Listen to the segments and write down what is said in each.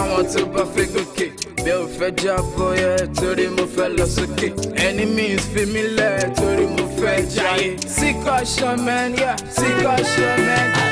fáwọn tó bá fẹ́ gòkè bí o fẹ́ jábọ́yẹ torí mo fẹ́ lọ sókè enemies fi mí lẹ̀ torí mo fẹ́ jáyé sí caution man yeah sí caution man.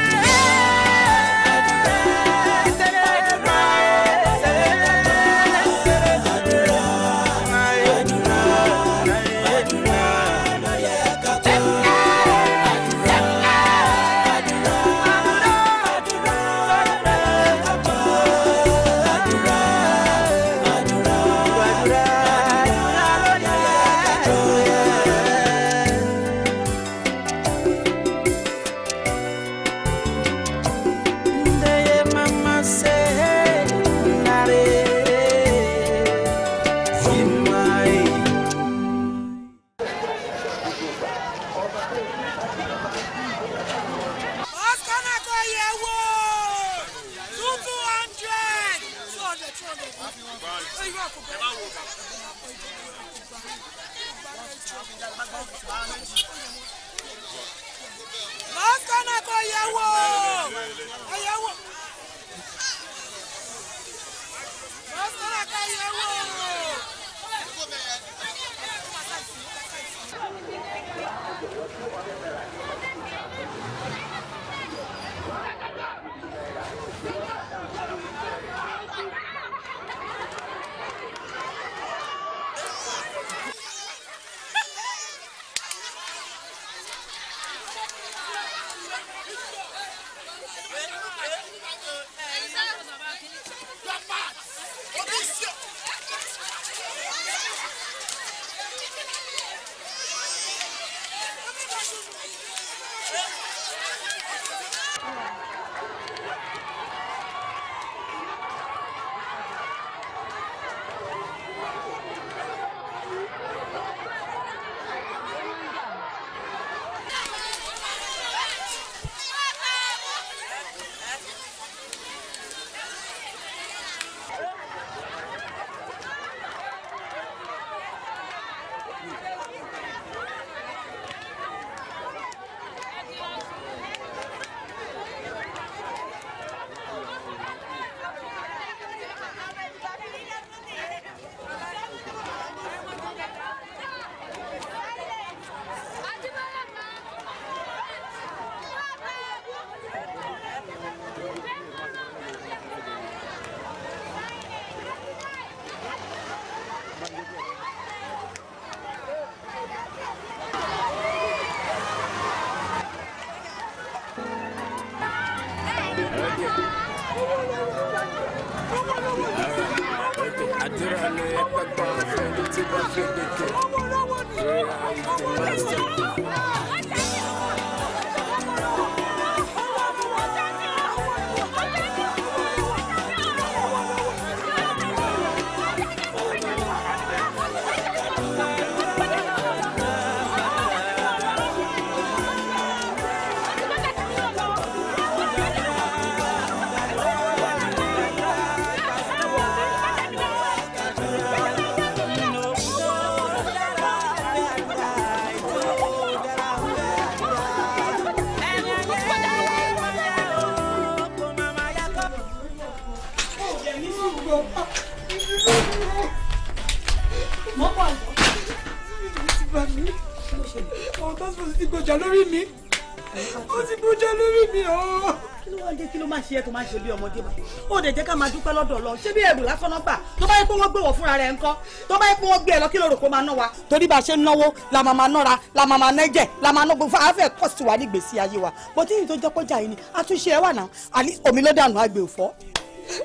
ṣe bí ọmọdé báyìí ó dẹ̀ jẹ́ ká máa dúpẹ́ lọ́dọ̀ lọ ṣé bí ẹrù lásán náà gbà tó bá yẹ pé wọ́n gbé wọ̀ fúnra rẹ̀ ńkọ́ tó bá yẹ pé wọ́n gbé ẹ lọ kí lóòrò kó máa ná wa torí bá a ṣe ń náwó la máa máa nọ́ra la máa máa nẹ́jẹ̀ la máa náwó fún afẹ́ kọ́sì wa ní gbèsè ayé wa bó tí yìí tó jẹ́ kọjá yìí ni àtúnṣe ẹ wà náà àní omi ló dànù àgbè òfò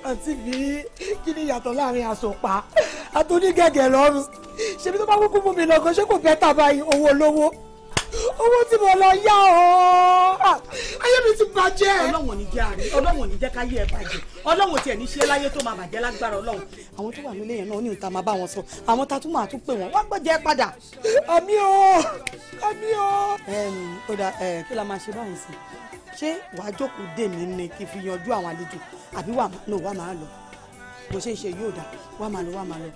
àti bí kí ni ìyàtọ̀ láàrin àsopà àtúnigẹ̀gẹ̀ lọ́rùn ṣebí tó bá kúkú mú mi lọ́gàn ṣé kò bẹ́ẹ̀ tàbá owó olówó owó tí mo lọ yá o bàjẹ́. ọlọ́wọ̀n ní jẹ́ àárẹ̀ ọlọ́wọ̀n ní jẹ́ káyé ẹ bàjẹ́ ọlọ́wọ̀n tiẹ̀ ní ṣe láyé tó máa bàjẹ́ lágbára ọlọ́wọ̀n. àwọn tó wà nílé yẹn náà ní ìta máa bá wọn sọ àwọn ta tún máa tún pè wọn wọn gbọ́dọ̀ ẹ padà. àmì o àmì o. kódà kí la máa ṣe báyìí sí ṣé wàá jókòó dè mí ni kí fi yanjú àwọn àlejò àbí wàá máa bó ṣe ń ṣe yóò dá wá máa lọ wá máa lọ.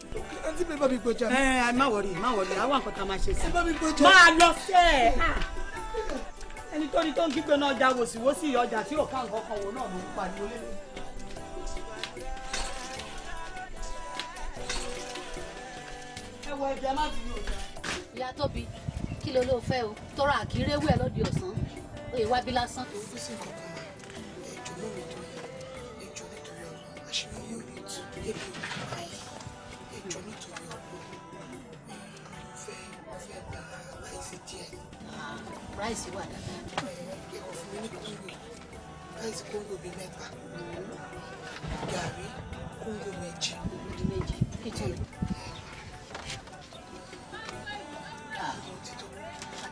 àǹtí mi bá mi gbọjà. ẹ má wọrí má wọrí àwọn àkọta máa ṣe sí. ẹ bá mi gbọjà. máa lọ sẹ́ẹ̀. Ah ẹni tó ní tó ń kígbe náà ọjà wòsíwòsí ọjà tí ò ká nǹkan kan wò náà ló ń pariwo lélẹ̀. ẹ wọ ẹjẹ má bínú ọjà. ìyá tóbi kí ló ló fẹ́ o tọrọ àkírẹ́wẹ̀ lọ́dẹ ọ̀sán òye wábí lásán. ó sì ń kọ̀ọ̀kan ẹjọ́ nítorí ọ̀rọ̀ àṣírí yóò lè tú ẹbí òkúta yìí ẹjọ́ nítorí. ráìsì wà dáadáa ẹ̀kọ́ fún mi ní kóńgò ráìsì kóńgò bíi mẹ́ta gàrí kóńgò méjì kóńgò méjì kíkiri. Ah.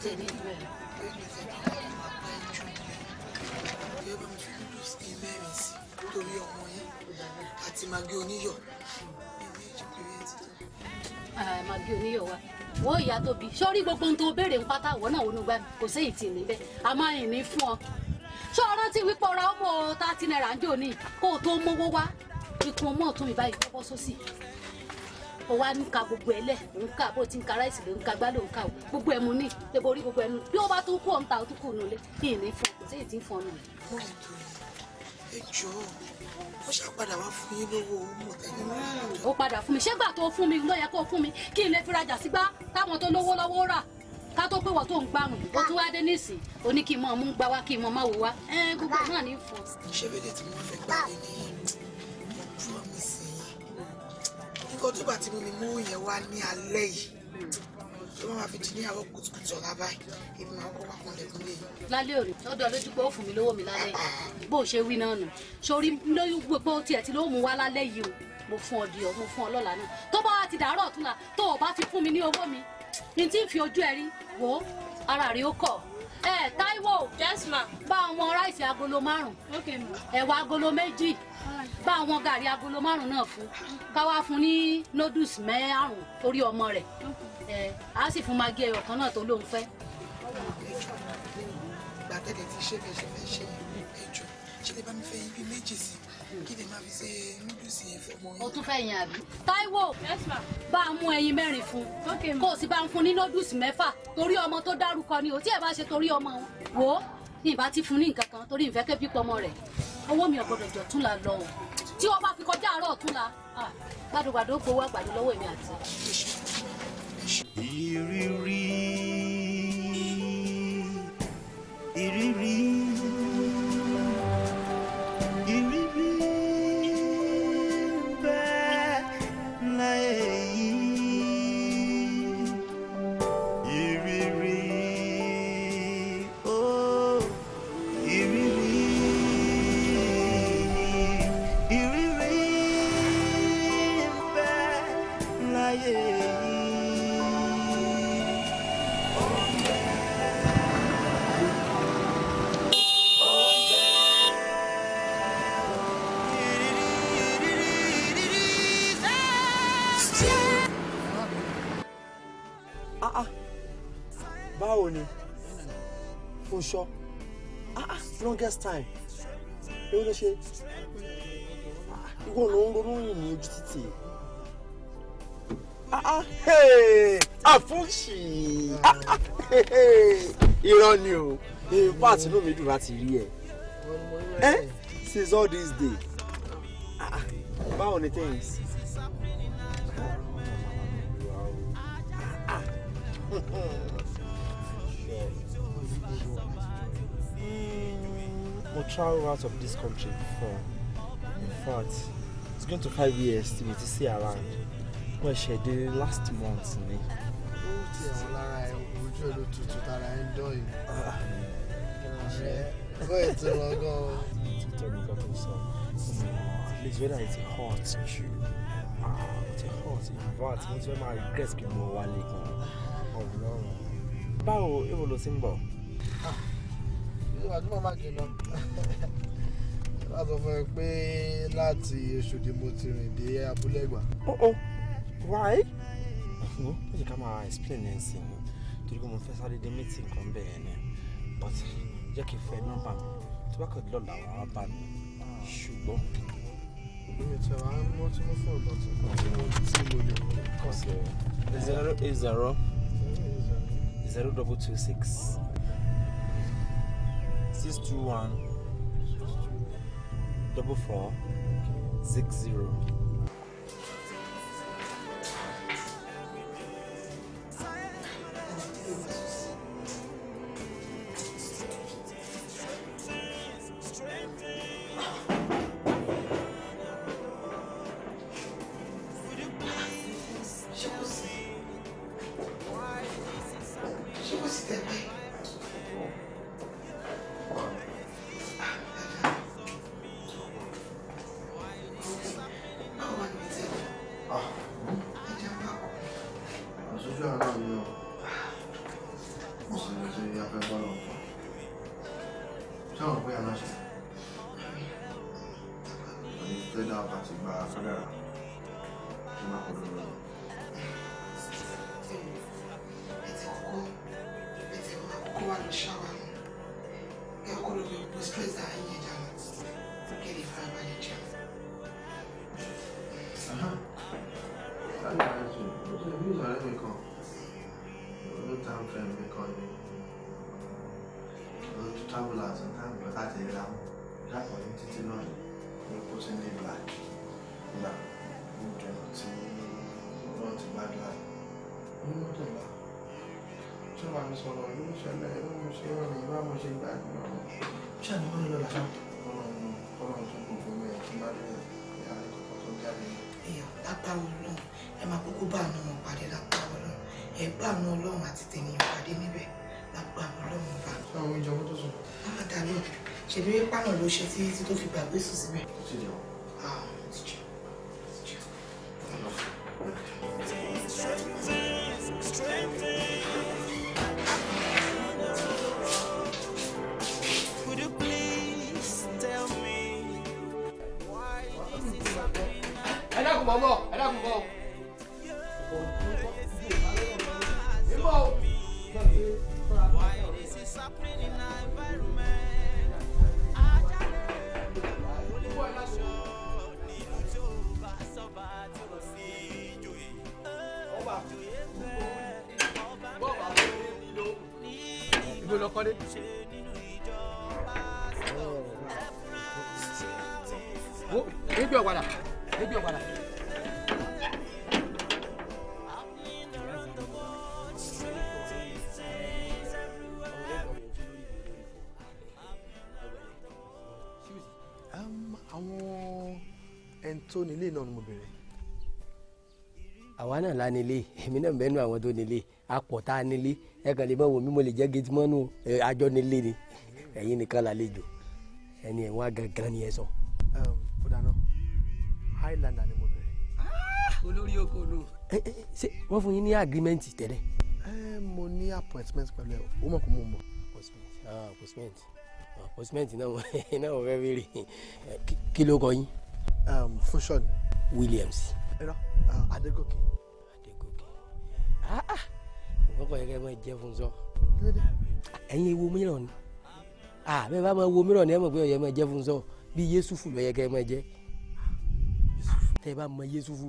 tẹ̀lé ìlú ẹ̀. ọ̀yọ́ bá mi fi noodles ní mẹ́rin sí torí ọmọ yẹn àti magi oníyọ̀. Ah, magi oníyọ̀ wa. wọ́n ìyá tóbi sọ́rí gbogbo ohun tó béèrè ń pátá àwọn náà wọnú kò sí ìtì níbẹ̀ a máa yìn ní fún ọ. ṣé o rántí wípé ọ̀rọ̀ ọmọ tààtì náírà ń jò ní kó o tó mówó wá ọmọ gbogbo ẹ ń ka bó ti ń ka ráìsì o gbogbo ẹ mu gbogbo bí ó bá tún kú ọ̀ǹta ó tún kù nulẹ̀ ní fún ọ ẹ jọ ó ṣàpadà wá fún yín lówó owó tẹ̀yìn náà. ó padà fún mi ṣégbà tó fún mi ló yẹ kó fún mi kí n lè fi rajà sígbà táwọn tó lówó lọ́wọ́ rà ká tó pé wọ́n tó ń gbàrùn ó tún wá dé nísìn ó ní kí n mọ ọmú gbá wá kí n mọ má wò wá gbogbo náà ní fọ. ṣé tí mo fẹ́ gbà ní ní sí yín nǹkan tó bá ti mú mi mú yẹn wá ní alẹ́ yìí tí wọ́n máa fi di ní àárọ̀ kùtùkùtù ọ̀la báyìí èmi máa kọ́ wà kúnlẹ̀ kúnlẹ̀ yìí. lálẹ́ òní lọ́dọ̀ lójú pé ó fún mi lówó mi lálẹ́ yìí bó ṣe wí náà nù sórí lóyún gbogbo tiẹ̀ tí ló mú wá lálẹ́ yìí o mo fún ọ di ọ mo fún ọ lọ́la náà tó bá ti dàárọ̀ ọ̀túnla tó o bá ti fún mi ní owó mi ní tí ń fi ojú ẹ rí wò ó ara rẹ̀ ó kọ̀ ẹ Táíwò bá àwọn ráìsì agolo márùn-ún ẹ̀wà agolo méjì bá àwọn gàrí agolo márùn náà fún ká wá fún ní nódùs mẹ́àrún orí ọmọ rẹ̀ a sì fún magi ẹyọ kan náà tó lóun fẹ́. ìgbà tẹ́lẹ̀ ti ṣe fẹ́ ṣe fẹ́ ṣe ẹjọ́ ṣe lè bá mi fẹ́ ibi méjì sí kí lè má fi ṣe núdùsì ìfọmọ yìí. o tún fẹ́ yan àbí. Táíwò bá a mú ẹyin mẹ́rin fún kó o sì bá ń fún ní núdùsì mẹ́fà torí ọmọ tó dárúkọ ni o tí ẹ bá ṣe torí ọmọ wò ó ní ìbá ti fún ní nǹkan kan torí ìfẹ́ kébí pọmọ rẹ̀ owó mi ọ̀gbọ́dọ̀ jọ tún la lọ o tí wọ́n bá fi kọjá àárọ̀ tún la gbàdúgbàdú gbowó àgbàdo lọ́wọ́ èmi àti. Iriri, iriri, ìrírí bẹ́ẹ̀ láyé. fún ṣọ́ longest ah, ah, time èwo ló ṣe ìwọ ló ń ronú yìn ní ojú títì ah, àfúnṣì irọ́ ni o ìfọ́ àtinú mi dùn láti rí ẹ eh? since all this day báwo ni things. Mm-hmm. will travel out of this country before. In fact, it's going to five years to me to see around. Well, she did last month, me. At least whether it's hot, true. Ah, it's a hot, in fact, most of my regrets can go one leg. Oh, no. Báwo, it lo ti ń gbajúmọ̀ má jìnnà láti fún ẹ pé láti Èṣòdì mo ti rìn dé abúlé ẹ̀gbà. oh oh why. ó jẹ ká máa explain ẹ̀ sí i torí pé mo fẹ́ sáré dé meeting kan bẹ́ẹ̀ ni but jẹ́ kí n fẹ́ nọ́mbà mi tó bá kọ̀ lọ́la wàá bá mi ṣùgbọ́n zero eight zero zero double two six six two one double four six zero. ló ṣe tí tí tó fi gbàgbé sùn síbẹ̀. Ah, ẹ dákun mọ́mọ́. mọ́kànlá nílé èmi náà bẹ́ẹ̀ nù àwọn tó nílé apọ̀tá nílé ẹ kàn lè bá wò mí mo lè jẹ́ gẹ́tìmọ́nù àjọ nílé ni ẹ̀yin nìkan lálejò ẹni ẹ̀ wá gangan ni ẹ sọ. kódà náà highlander ni mo bẹ̀rẹ̀. Ah! olórí oko ló. ṣé wọ́n fún yín ní agreement tẹ́lẹ̀. mo ní appointment pẹ̀lú ẹ o mọ̀ kó mo mọ̀. appointment ah, appointment náà wọ́n fẹ́ bèrè kí ló kọ yín. Funsho Williams. ẹ̀rọ ah, Adégòkè. Ah, ah nǹkan kan yẹ kẹ́ ẹ máa jẹ fún sọ ẹ̀yin ewo mìíràn ni ah, bẹ́ẹ̀ bá máa wo mìíràn ni ẹ mọ̀ pé ọ̀yẹ́ máa jẹ fún sọ bí Yéṣùfù ló yẹ kẹ́ ẹ máa jẹ tẹ́ ẹ bá mọ Yéṣùfù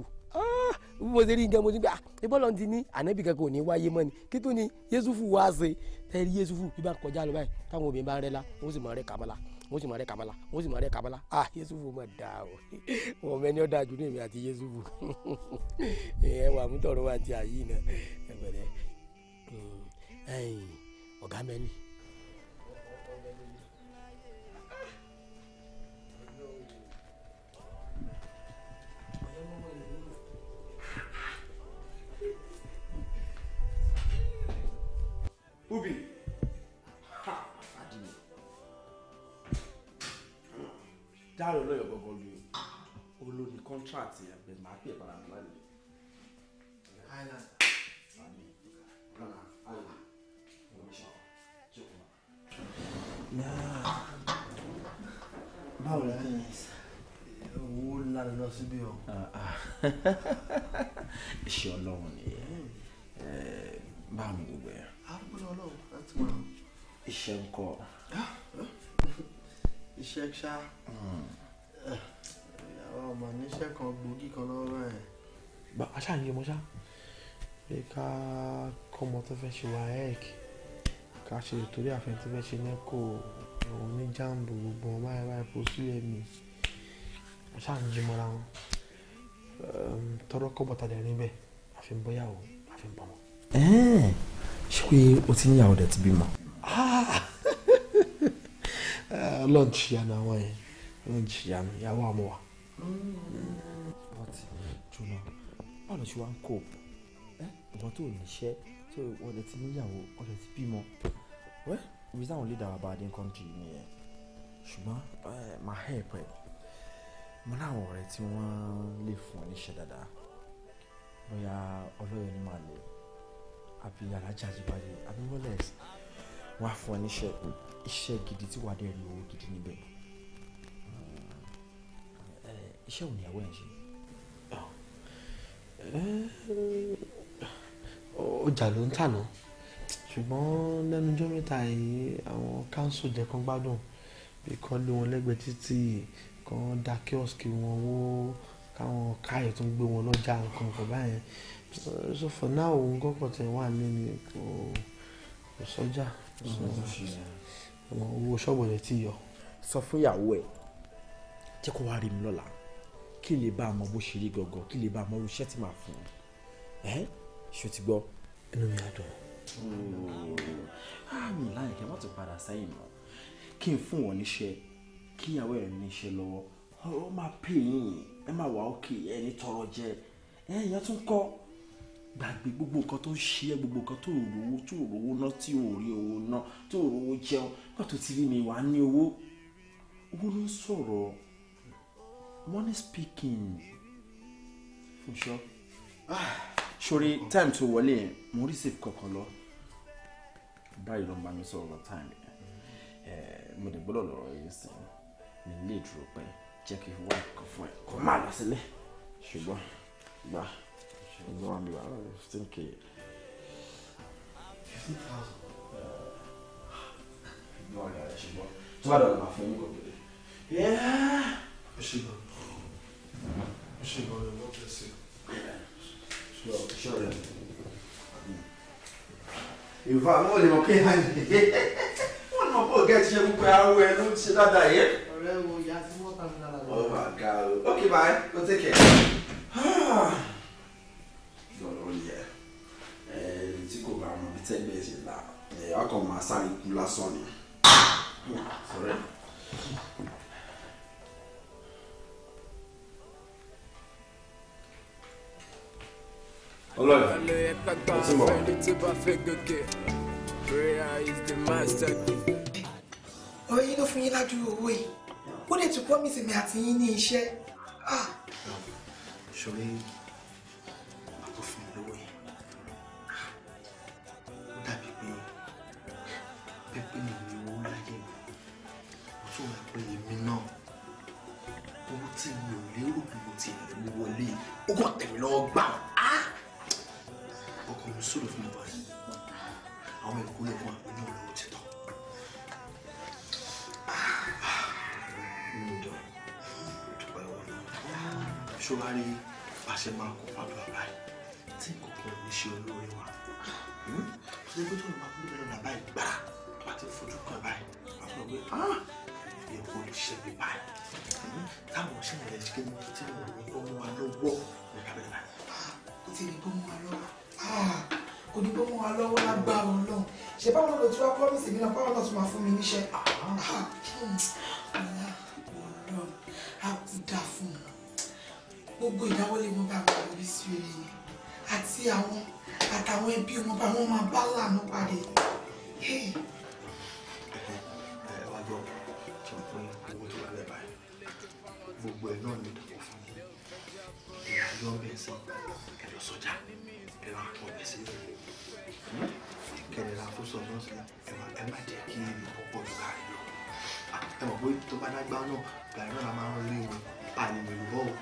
mo ah, ṣe rí nǹkan mo ti gbà ìbọ́lọ̀ ti ní ànábì kan kò ní wáyé mọ́ ni kí tó ni Yéṣùfù wá ṣe tẹ́ ẹ rí Yéṣùfù bí bá kọjá lọ báyìí táwọn obìnrin bá ń rẹ́ la ó sì máa rẹ́ kàmọ́la wọ́n sì máa rẹ́ kabala wọ́n sì máa rẹ́ kabala ah Yéṣùfù mà dà o wọn mẹ́ni ọ̀dà jù ní èmi àti Yéṣùfù ẹ wà mú tọrọ wa ti àyè náà ẹ bẹ̀rẹ̀ hmm. ọ̀gá mẹ́ni. Ubi. dáre olóyọ̀ gbogbo ni olóni contract yẹn pé màá pè padà nígbà yìí. Island. báwo la ń owó ńlá lọ síbí o. Ah, ah. iṣẹ́ ọlọ́run nìyẹn eh, báwo ni gbogbo yẹn. àrùn gbọ́dọ̀ ọlọ́run láti máa. iṣẹ́ ń kọ́. Ah, eh iṣẹ́ ṣá àwọn ọmọ níṣẹ́ kan gbòógì kan lọ́wọ́ ẹ̀. bá a ṣáà yé ọmọ ṣá pé ká kọ́mọ tó fẹ́ ṣe waec ká ṣe ìtòrí àfẹn tó fẹ́ ṣe nẹ́kò òun ní jambu gbogbo ọmọ ẹ̀ báyìí kò sí ẹ̀mí a ṣáà ń jí mọ́ra wọn ehm, tọrọ kọ́ bọ́tà dẹ̀ níbẹ̀ àfi ń bọ́yàwó àfi ń bọ́mọ. ṣé o ti níyàwó dẹ̀ ti bímọ. Ah! ọlọ́run ti ṣìyànà àwọn yẹn ọlọ́run ti ṣìyànà ìyàwó àmọ́ wa. but jùlọ báwo ṣe wá ń eh, kó ìwọ tó níṣẹ́ tó wọ́n lè ti níyàwó wọ́n lè ti bímọ wẹ́ ibi táwọn lè dára bá dé kọ́ńtì nìyẹn ṣùgbọ́n eh, máa help ẹ̀ mo láwọn ọ̀rẹ́ tí wọ́n lè fún ọ níṣẹ́ dáadáa bóyá ọlọ́yọ̀ ni màá lò àbí alájà àjíbáyé àbí wọ́lẹ̀ wá fún ọ níṣẹ́ iṣẹ́ gidi tí wà á dẹ̀ rí owó gidi níbẹ̀ iṣẹ́ òní ẹ̀wọ́ ẹ̀ ṣe. ọjà ló ń tà náà ṣùgbọ́n lẹ́nu ọjọ́ mẹ́ta yìí àwọn káńsù jẹ́ kán gbádùn bí kán lé wọn lẹ́gbẹ̀ẹ́ títì kán dá kíọ́sìkì wọn wó káwọn káyọ̀ tó ń gbé wọn lọ́jà nǹkan kan báyẹn so for now òun kọ́kọ́ tẹ̀ wá lé ní kò sọ́jà. sọ́jà àwọn owó ṣọ́ọ̀bù rẹ̀ ti yọ. sọ fún ìyàwó ẹ jẹ́ kó wá rí mi lọ́la kí lè bá a mọ bó ṣe rí gangan kí lè bá a mọ irú iṣẹ́ tí màá fún un ẹ ṣó ti gbọ́. inú mi á dùn. àmì hmm. ah, láìkẹ́ wọ́n ti padà sẹ́yìn mọ́ kí n fún wọn níṣẹ́ kí ìyàwó ẹ̀ níṣẹ́ lọ́wọ́ ọ máa pè yín ẹ máa wà ókè ẹni tọrọ jẹ ẹ ìyẹn tún kọ́ gbàgbé gbogbo nǹkan tó ń ṣe ẹ́ gbogbo nǹkan tó ò rówó tó ò rówó ná tí ò rí owó ná tó ò rówó jẹun nígbà tó ti rí mi wàá ní owó owó ló ń sọ̀rọ̀ money speaking Fúnṣọ́ ah, sori time tó wọlé yẹn mo rí save kankan lọ báyìí ló ń bá mi sọ̀rọ̀ time ẹ̀ eh, mo lè gbọ́dọ̀ lọ́rọ̀ yìí sìn mi lè dúró pẹ́ jẹ́ kí n wá nǹkan fún ẹ kó má lọ sílẹ̀ ṣùgbọ́n gbà. No, I'm like, oh, 15k. 15,000. No, I got it. She bought. Two hundred and a half million. Yeah. She bought. She bought. What did I say? She bought. She bought. In fact, mo lè mọ̀ pé hàn ní. Mo lè mọ̀ Oh my God. Okay, bye. Go take care lọ́rọ̀ yẹ tí kò bá mọ tẹ́gbẹ́ sí la a kò máa sáré kú lásán ni. Ọlọ́run, ló fún yín lájú owó yìí. Ó lè tún promise àti yín ní iṣẹ́. Ah. pé pé mi ni owó láyé mi mo tún wá pé èmi náà owó tí mi ò lérò bí mo ti rí mi wọlé ó kàn tẹ̀mí lọ́wọ́ gbà á ọkọ mi sọ̀rọ̀ fún mi báyìí àwọn ìkólé fún àpò náà lọ́wọ́ ti tán. mi ò dán dúpẹ́ wọn náà ṣọ́ra rí àṣẹ máa kó pàdé àbáyé tí nǹkan kan ò ní ṣe olóore wa. ṣé pé tó ń bá kúndé bẹ́ẹ̀ lọ́nà àbáyé gbà bá ti fojú kan báyìí wọ́n sọ pé èkó lè ṣe bí báyìí táwọn ṣe ìrẹ̀lẹ̀ ṣe mú tí mo ní ọmọ wa lọ́wọ́ ní kábẹ́rẹ́ ó ti rí bọ́mọ wa lọ́wọ́ ah, kò ní bọ́mọ wa lọ́wọ́ lágbára ọlọ́run ṣe báwọn lọ tí wàá promise mi náà báwọn náà tún máa fún mi níṣẹ́. Ah, ah, ọlọ́run á kú dá fún un gbogbo ìdáwọ́lé wọn bá wọn lórí sí mi àti àwọn àtàwọn ẹbí wọn bá wọn máa bá láàánú parí. gbogbo ẹ̀ náà ní ìdàpọ̀ fún mi èyí lọ bẹ́ẹ̀ sí ẹ lọ sọjà ẹ máa pọ̀ bẹ́ẹ̀ sí hmm? kẹrìnlá fúnṣọ náà sí ẹ máa ẹ má jẹ́ kí èrè púpọ̀ lọ́la rẹ lọ ah, ẹ mọ̀ pé tó bá dágbá náà gàrí náà la máa ń rí wọn àlèmọ̀ ìrúbọ̀ o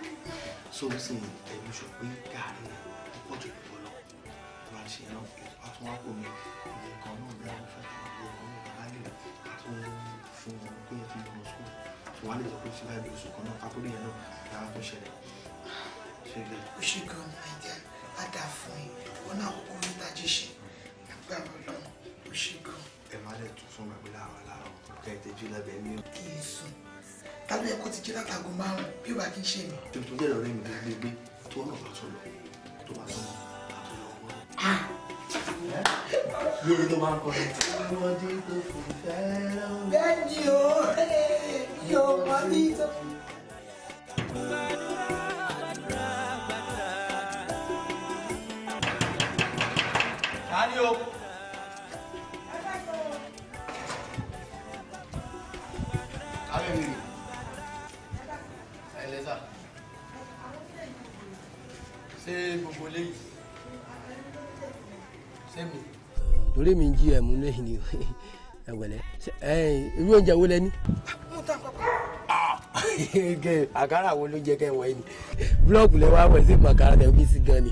so sì ẹ̀mí sọ pé gàrí púpọ̀ jù lọ́wọ́ lọ́wọ́ ṣe náà ìpàtúwákò mi ìyẹn náà bí a wà á lè sọ pé ti láì oṣù kan náà kákó lèyẹn náà kí ara tó ṣẹlẹ̀. o ṣe gan ni ẹ̀jẹ̀ á dà fún yín wọn náà kókó ní tají ṣe ẹgbẹ́ àwọn ọlọ́run o ṣe gan. ẹ má lè tún fún gbàgbé láàárọ̀ láàárọ̀ kí ẹ tẹ́jú lábẹ́ mi. kì í sùn tàbí ẹ kó ti jí látago márùn bí ó bá kí ń ṣe mí. tuntun dẹ̀rọ̀ rẹ̀ mi gbé gbé tó ọ̀nà bá tó lọ tó bá tó lọ lórí tó máa ń kọrin. ọmọdé tó kò fẹ́ràn. bẹ́ẹ̀ni o yọ ọmọdé torí mi ń jí ẹ̀mú lẹ́yìn ni ẹ̀wẹ̀lẹ̀ irú oúnjẹ wo lẹ ní. Ah! àkàrà wo ló jẹ kẹ wọ́n yìí ni búlọ́ọ̀kù lẹ wá wọ̀ sí màkàrà tẹ̀ bí sígan ni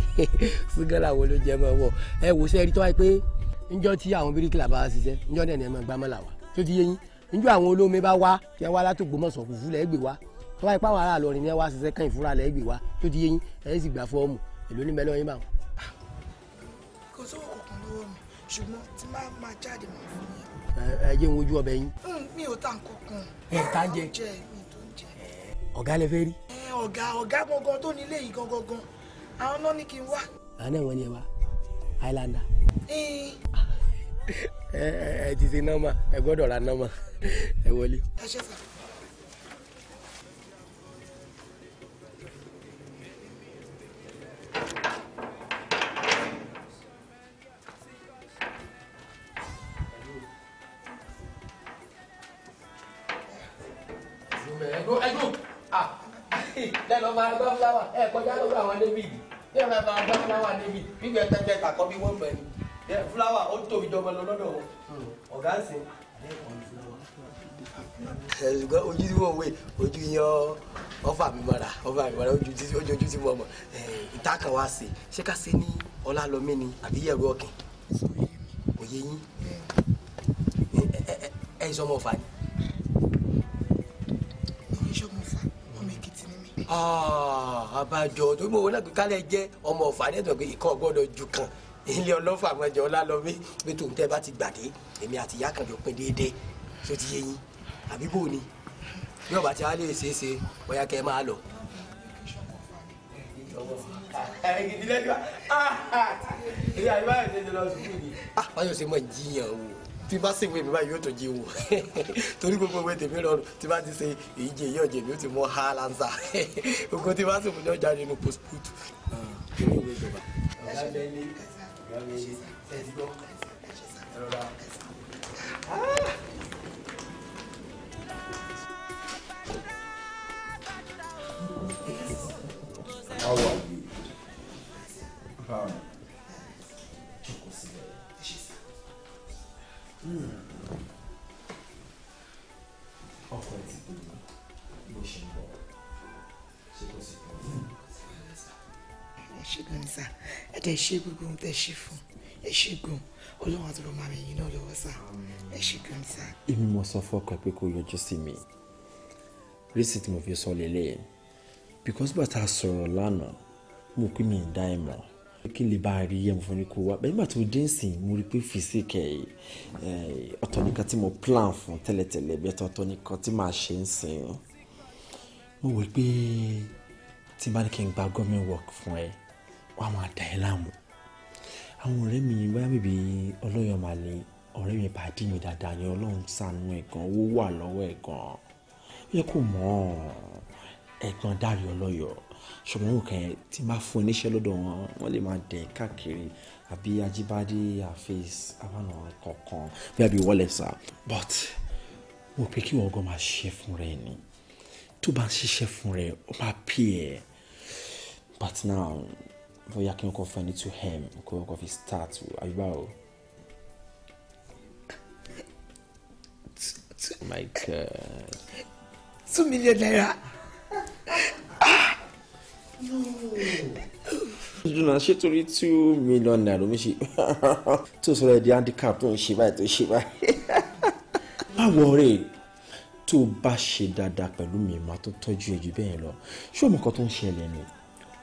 sígan làwọn ló jẹ máa wọ̀ ẹ wò sẹ́ẹ̀rí tó wáyé pé njọ́ tí àwọn bíríkìlà bá ṣiṣẹ́ njọ́ dẹ̀ ni ẹ máa gbá mọ́là wa tó ti yé yín njọ́ àwọn olómi bá wá kí ẹ wá látògbómọ̀ṣọ́ fùfú lẹ́gbẹ̀ẹ́ wa tó wáyé páwọn ará lọrin ni ẹ wá ṣiṣẹ́ kàn ìfúnra lẹ́gbẹ̀ẹ́ wa tó ti yé yín ẹ sì gbà fọ́ọ̀mù èlò ní mẹ́lọ́yìn báwọn. kò sówó ṣùgbọ́n tí máa máa jáde máa fún yín. ẹ jẹ́ ń wojú ọbẹ̀ yín. mi ò ta nǹkan kan. ẹ ta ń jẹ ọ̀gá lẹ fẹ́ rí. ọ̀gá ọ̀gá gangan tó nílé yìí gangan gan àwọn náà ní kí n wá. àná ẹ̀wọ̀n ni ẹ wá islander. ẹ ẹ ti ṣe nọ́mà ẹ gbọ́dọ̀ ra nọ́mà ẹ wọlé. ẹ ṣe ẹdún ẹdún ah lẹ́nu ọmọ agbá fúláwà ẹ kọjá lọ́wọ́ àwọn david yẹ́n máa ma agbá fúláwà david bíbí ẹ tẹ́tẹ́ kàkọ́ bí wọ́n fẹ́ ni fúláwà ó tóbi jọmọ lọ lọ́dọ̀ wọn ọ̀gá ń sìn ojú tí wọ́n wé ojú yan ọfà mi mọ́ra ọfà mi mọ́ra ojú tí wọ́n mọ̀ ìta wá sí ṣé ká ṣe ní ọlálọ́mí ni àbí yẹ̀rọ ọ̀kìn òye yín ẹ̀ ọ̀fà ni. àbájọ ah, tó mọ wọn náà kálẹ̀ jẹ́ ọmọ ọ̀fà nẹ́tọ̀ pé ikọ̀ gbọ́dọ̀ ju kan ilé ọlọ́fà àmọ́jọ ọlálọ́mí pé tòun tẹ́ bá ti gbàdé èmi àti ìyá kan jọ pín déédéé tó ti yé yín àbí bò ni bí ọba tí a lè ṣe é ṣe bóyá kẹ́ ẹ máa lọ. ìdílé ìgbà ah, ah, ìyá ìbáyọ̀ ṣe ń lọ sùkúrù ni. báyọ̀ ṣe mọ̀ jiyàn o tí bá ṣèwé mi báyìí yóò tó jí wò torí gbogbo ìwé tèmi rọrùn tí bá ti ṣe èyí jẹ èyí ọ̀jẹ̀ mi ó ti mọ ha lanza gbogbo tí bá ṣèwé ní ọjà nínú postput. Ah. How are you? Fine. ọkọ ẹ ti pè mí bó ṣe ń bọ̀ ṣé kò sí pé hmm. gbogbo ohun tẹ ṣe fún ẹ ṣe gan Ọlọ́run àti ọmọ mi náà lọ́wọ́ sá ẹ ṣe gan sá. èmi mo sọ fún ọkọ pé kó yọjú sí mi rísì tí mo fi sọ lélẹ̀ because bàtà sọ̀rọ̀ lánàá mo pín mi ìdá ẹ̀ mọ́ kí n lè bá a rí yẹn mo fún ní kó wá bẹ́ẹ̀ nígbà tó dé nsìn mo rí i pé fìsíkì ẹ̀ eh, ọ̀tọ̀ nìkan tí mo plan fún tẹ́lẹ̀tẹ́lẹ̀ bí ẹ̀tọ́ ọ̀tọ̀ nìkan tí màá ṣe ń sìn mo wò pé tí bá ní kí n gba government work fún ẹ wàá máa dà ẹ́ láàmú àwọn ọ̀rẹ́ mi bóyá bèbè ọlọ́yọ̀ máa lè ọ̀rẹ́ mi pàdé mi dáadáa ni ọlọ́run ṣàánú ẹ̀ gan owó wà lọ́wọ́ ẹ̀ gan ó yẹ kó mọ̀ ẹ̀gbọ́n dárí ọlọ́yọ̀ọ́ ṣùgbọ́n kan tí n fún ẹ níṣẹ́ lọ́dọ̀ wọn lè máa dẹ̀ káàkiri àbí ajíbádé àfẹ́s àbànà kọ̀ọ̀kan bí àbí wọlé sá but mo pe kí wọ́n gan máa ṣiṣẹ́ fún rẹ ni tó bá ń ṣiṣẹ́ fún rẹ ó máa pè ẹ́ but now bóyá kí n kọ́ fún ẹ ní kó o kọ́ fi start àbí báwo. Two oh million naira jùlọ ṣé torí two million naira ló ń ṣe tí o sọ̀rọ̀ ẹ̀ di handicap tó ń ṣe báyìí tó ń ṣe báyìí. má wọrí tó o bá ṣe dáadáa pẹ̀lú mi máa tó tọ́jú ẹ̀ jù bẹ́ẹ̀ lọ ṣé o mọ̀ nǹkan tó ń ṣẹlẹ̀ ni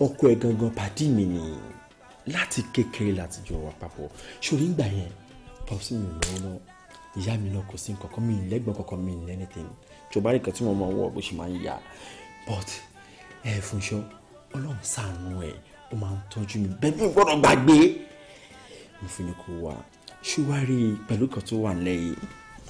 ọkọ ẹ̀ gangan pàdí mi ni láti kékeré láti jọ wà papọ̀ ṣòrí ń gbà yẹn pọ́sí mi ò lọ́wọ́ náà ìyá mi náà kò sí nǹkan kan mi ì lẹ́gbọ̀n kankan mi ì lẹ́nìtẹ́ni tí o bá rí nǹkan tí mo bó ṣe máa ń yà but ẹ̀ fúnṣọ́ ọlọ́run ṣàánú ẹ̀ ó máa ń tọ́jú mi bẹ́ẹ̀ mi gbọ́dọ̀ gbàgbé mo fi ni kó wá ṣúwárí pẹ̀lú kan tó wà lẹ́yìn. ṣé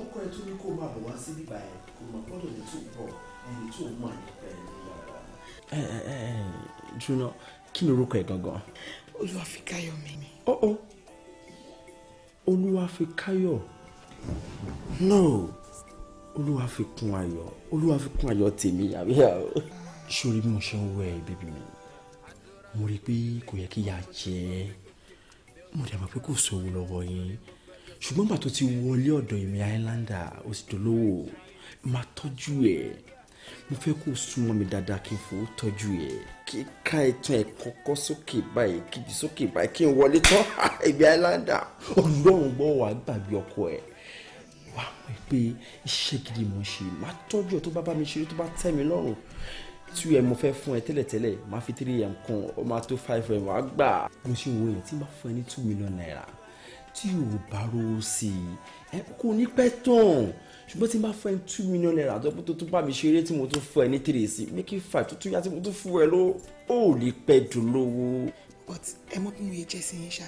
ọkọ ẹ tó ní kó máa bọ̀ wá sí bíbá ẹ kó máa gbọ́dọ̀ ní tó bọ̀ ẹni tó mọ̀ nípa ẹ ní yàrá. ẹ ẹ ẹ jùlọ kí ni orúkọ ẹ gangan olúwafikáyọ̀ mi. ọ̀ọ́ oh, oh. olúwafikáyọ̀ no olúwafikún ayọ̀ olúwafikún ayọ̀ tèmi àbíyá o. sórí bí mo ṣe ń wẹ bíbí mi mo rí i pé kò yẹ kí ya jẹ mo dẹ̀ mọ̀ pé kò sówó lọ́wọ́ yín ṣùgbọ́n bàtò ti wọlé ọ̀dọ̀ èmi islander ó sì dolówó máa tọ́jú ẹ̀. E mo fẹ́ kó súnmọ́ mi dáadáa kí n fò ó tọ́jú ẹ̀ kí ká ẹ̀tàn ẹ̀ kọ́kọ́ sókè báyìí kíjì sókè báyìí kí n wọlé tán ibi islander ọlọ́run gbọ́ wàá gbàgbé ọkọ ẹ̀ wà á mọ̀ pé iṣẹ́ gidi mo ṣe má tọ́jú ẹ̀ tó bá bá mi ṣeré tó bá tẹ́ mi lọ́rùn two m mo fẹ́ fún ẹ tẹ́lẹ̀tẹ́lẹ̀ máa fi three m kan ó máa tó five m wàá gbà mo ṣe wo yẹn tí n bá fún ẹ ní two million naira tí o bá rówó sí i ẹ kò ní pẹ́ tán ṣùgbọ́n tí n bá fún ẹ two million naira tó tó bá mi ṣeré tí mo tún fún ẹ ní three sí make it five tó tún yá tí mo tún fún ẹ ló ó lè pẹ́ dùn lówó. but ẹ mọ bí mo yẹ jẹ́ sí yín ṣá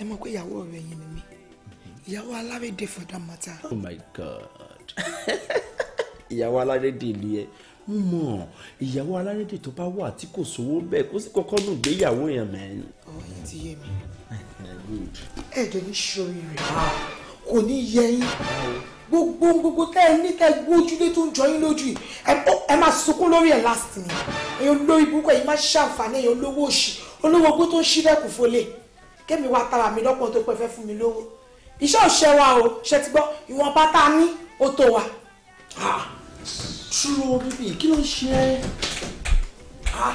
ẹ mọ pé ìyàwó ọ̀rẹ́ yín ni mí ìyàwó alárédè for that matter. oh my god ìyàwó alárédè ni ẹ mo mọ ìyàwó alárédè tó bá wà tí kò sówó bẹ́ẹ̀ kó sì kọ́kọ́ nù gbéyàwó yẹn mẹ́rin. ọ̀hún ti yé mi. ẹ̀ẹ́dẹ̀ ní sori rẹ̀ kò ní yẹ yín gbogbo gbogbo tẹ́ ẹ ní tẹ́ ẹ gbó ojúlé tó ń jọ lójú yìí ẹ máa sunkún lórí ẹ̀ last ni èèyàn lórí burúkú yìí máa ṣàǹfààní èèyàn olówó òṣì olówó ogbó tó ń ṣílẹ̀kùn fọlé kémi wá tara mi lọ́pọ̀ tó pẹ́ fẹ́ fún mi lówó iṣẹ́ òṣẹ́ wa o ṣe ti gbọ́ ìwọ̀n bàtà ní ó tó wa. ah true baby, kí ló ń ṣe é. ah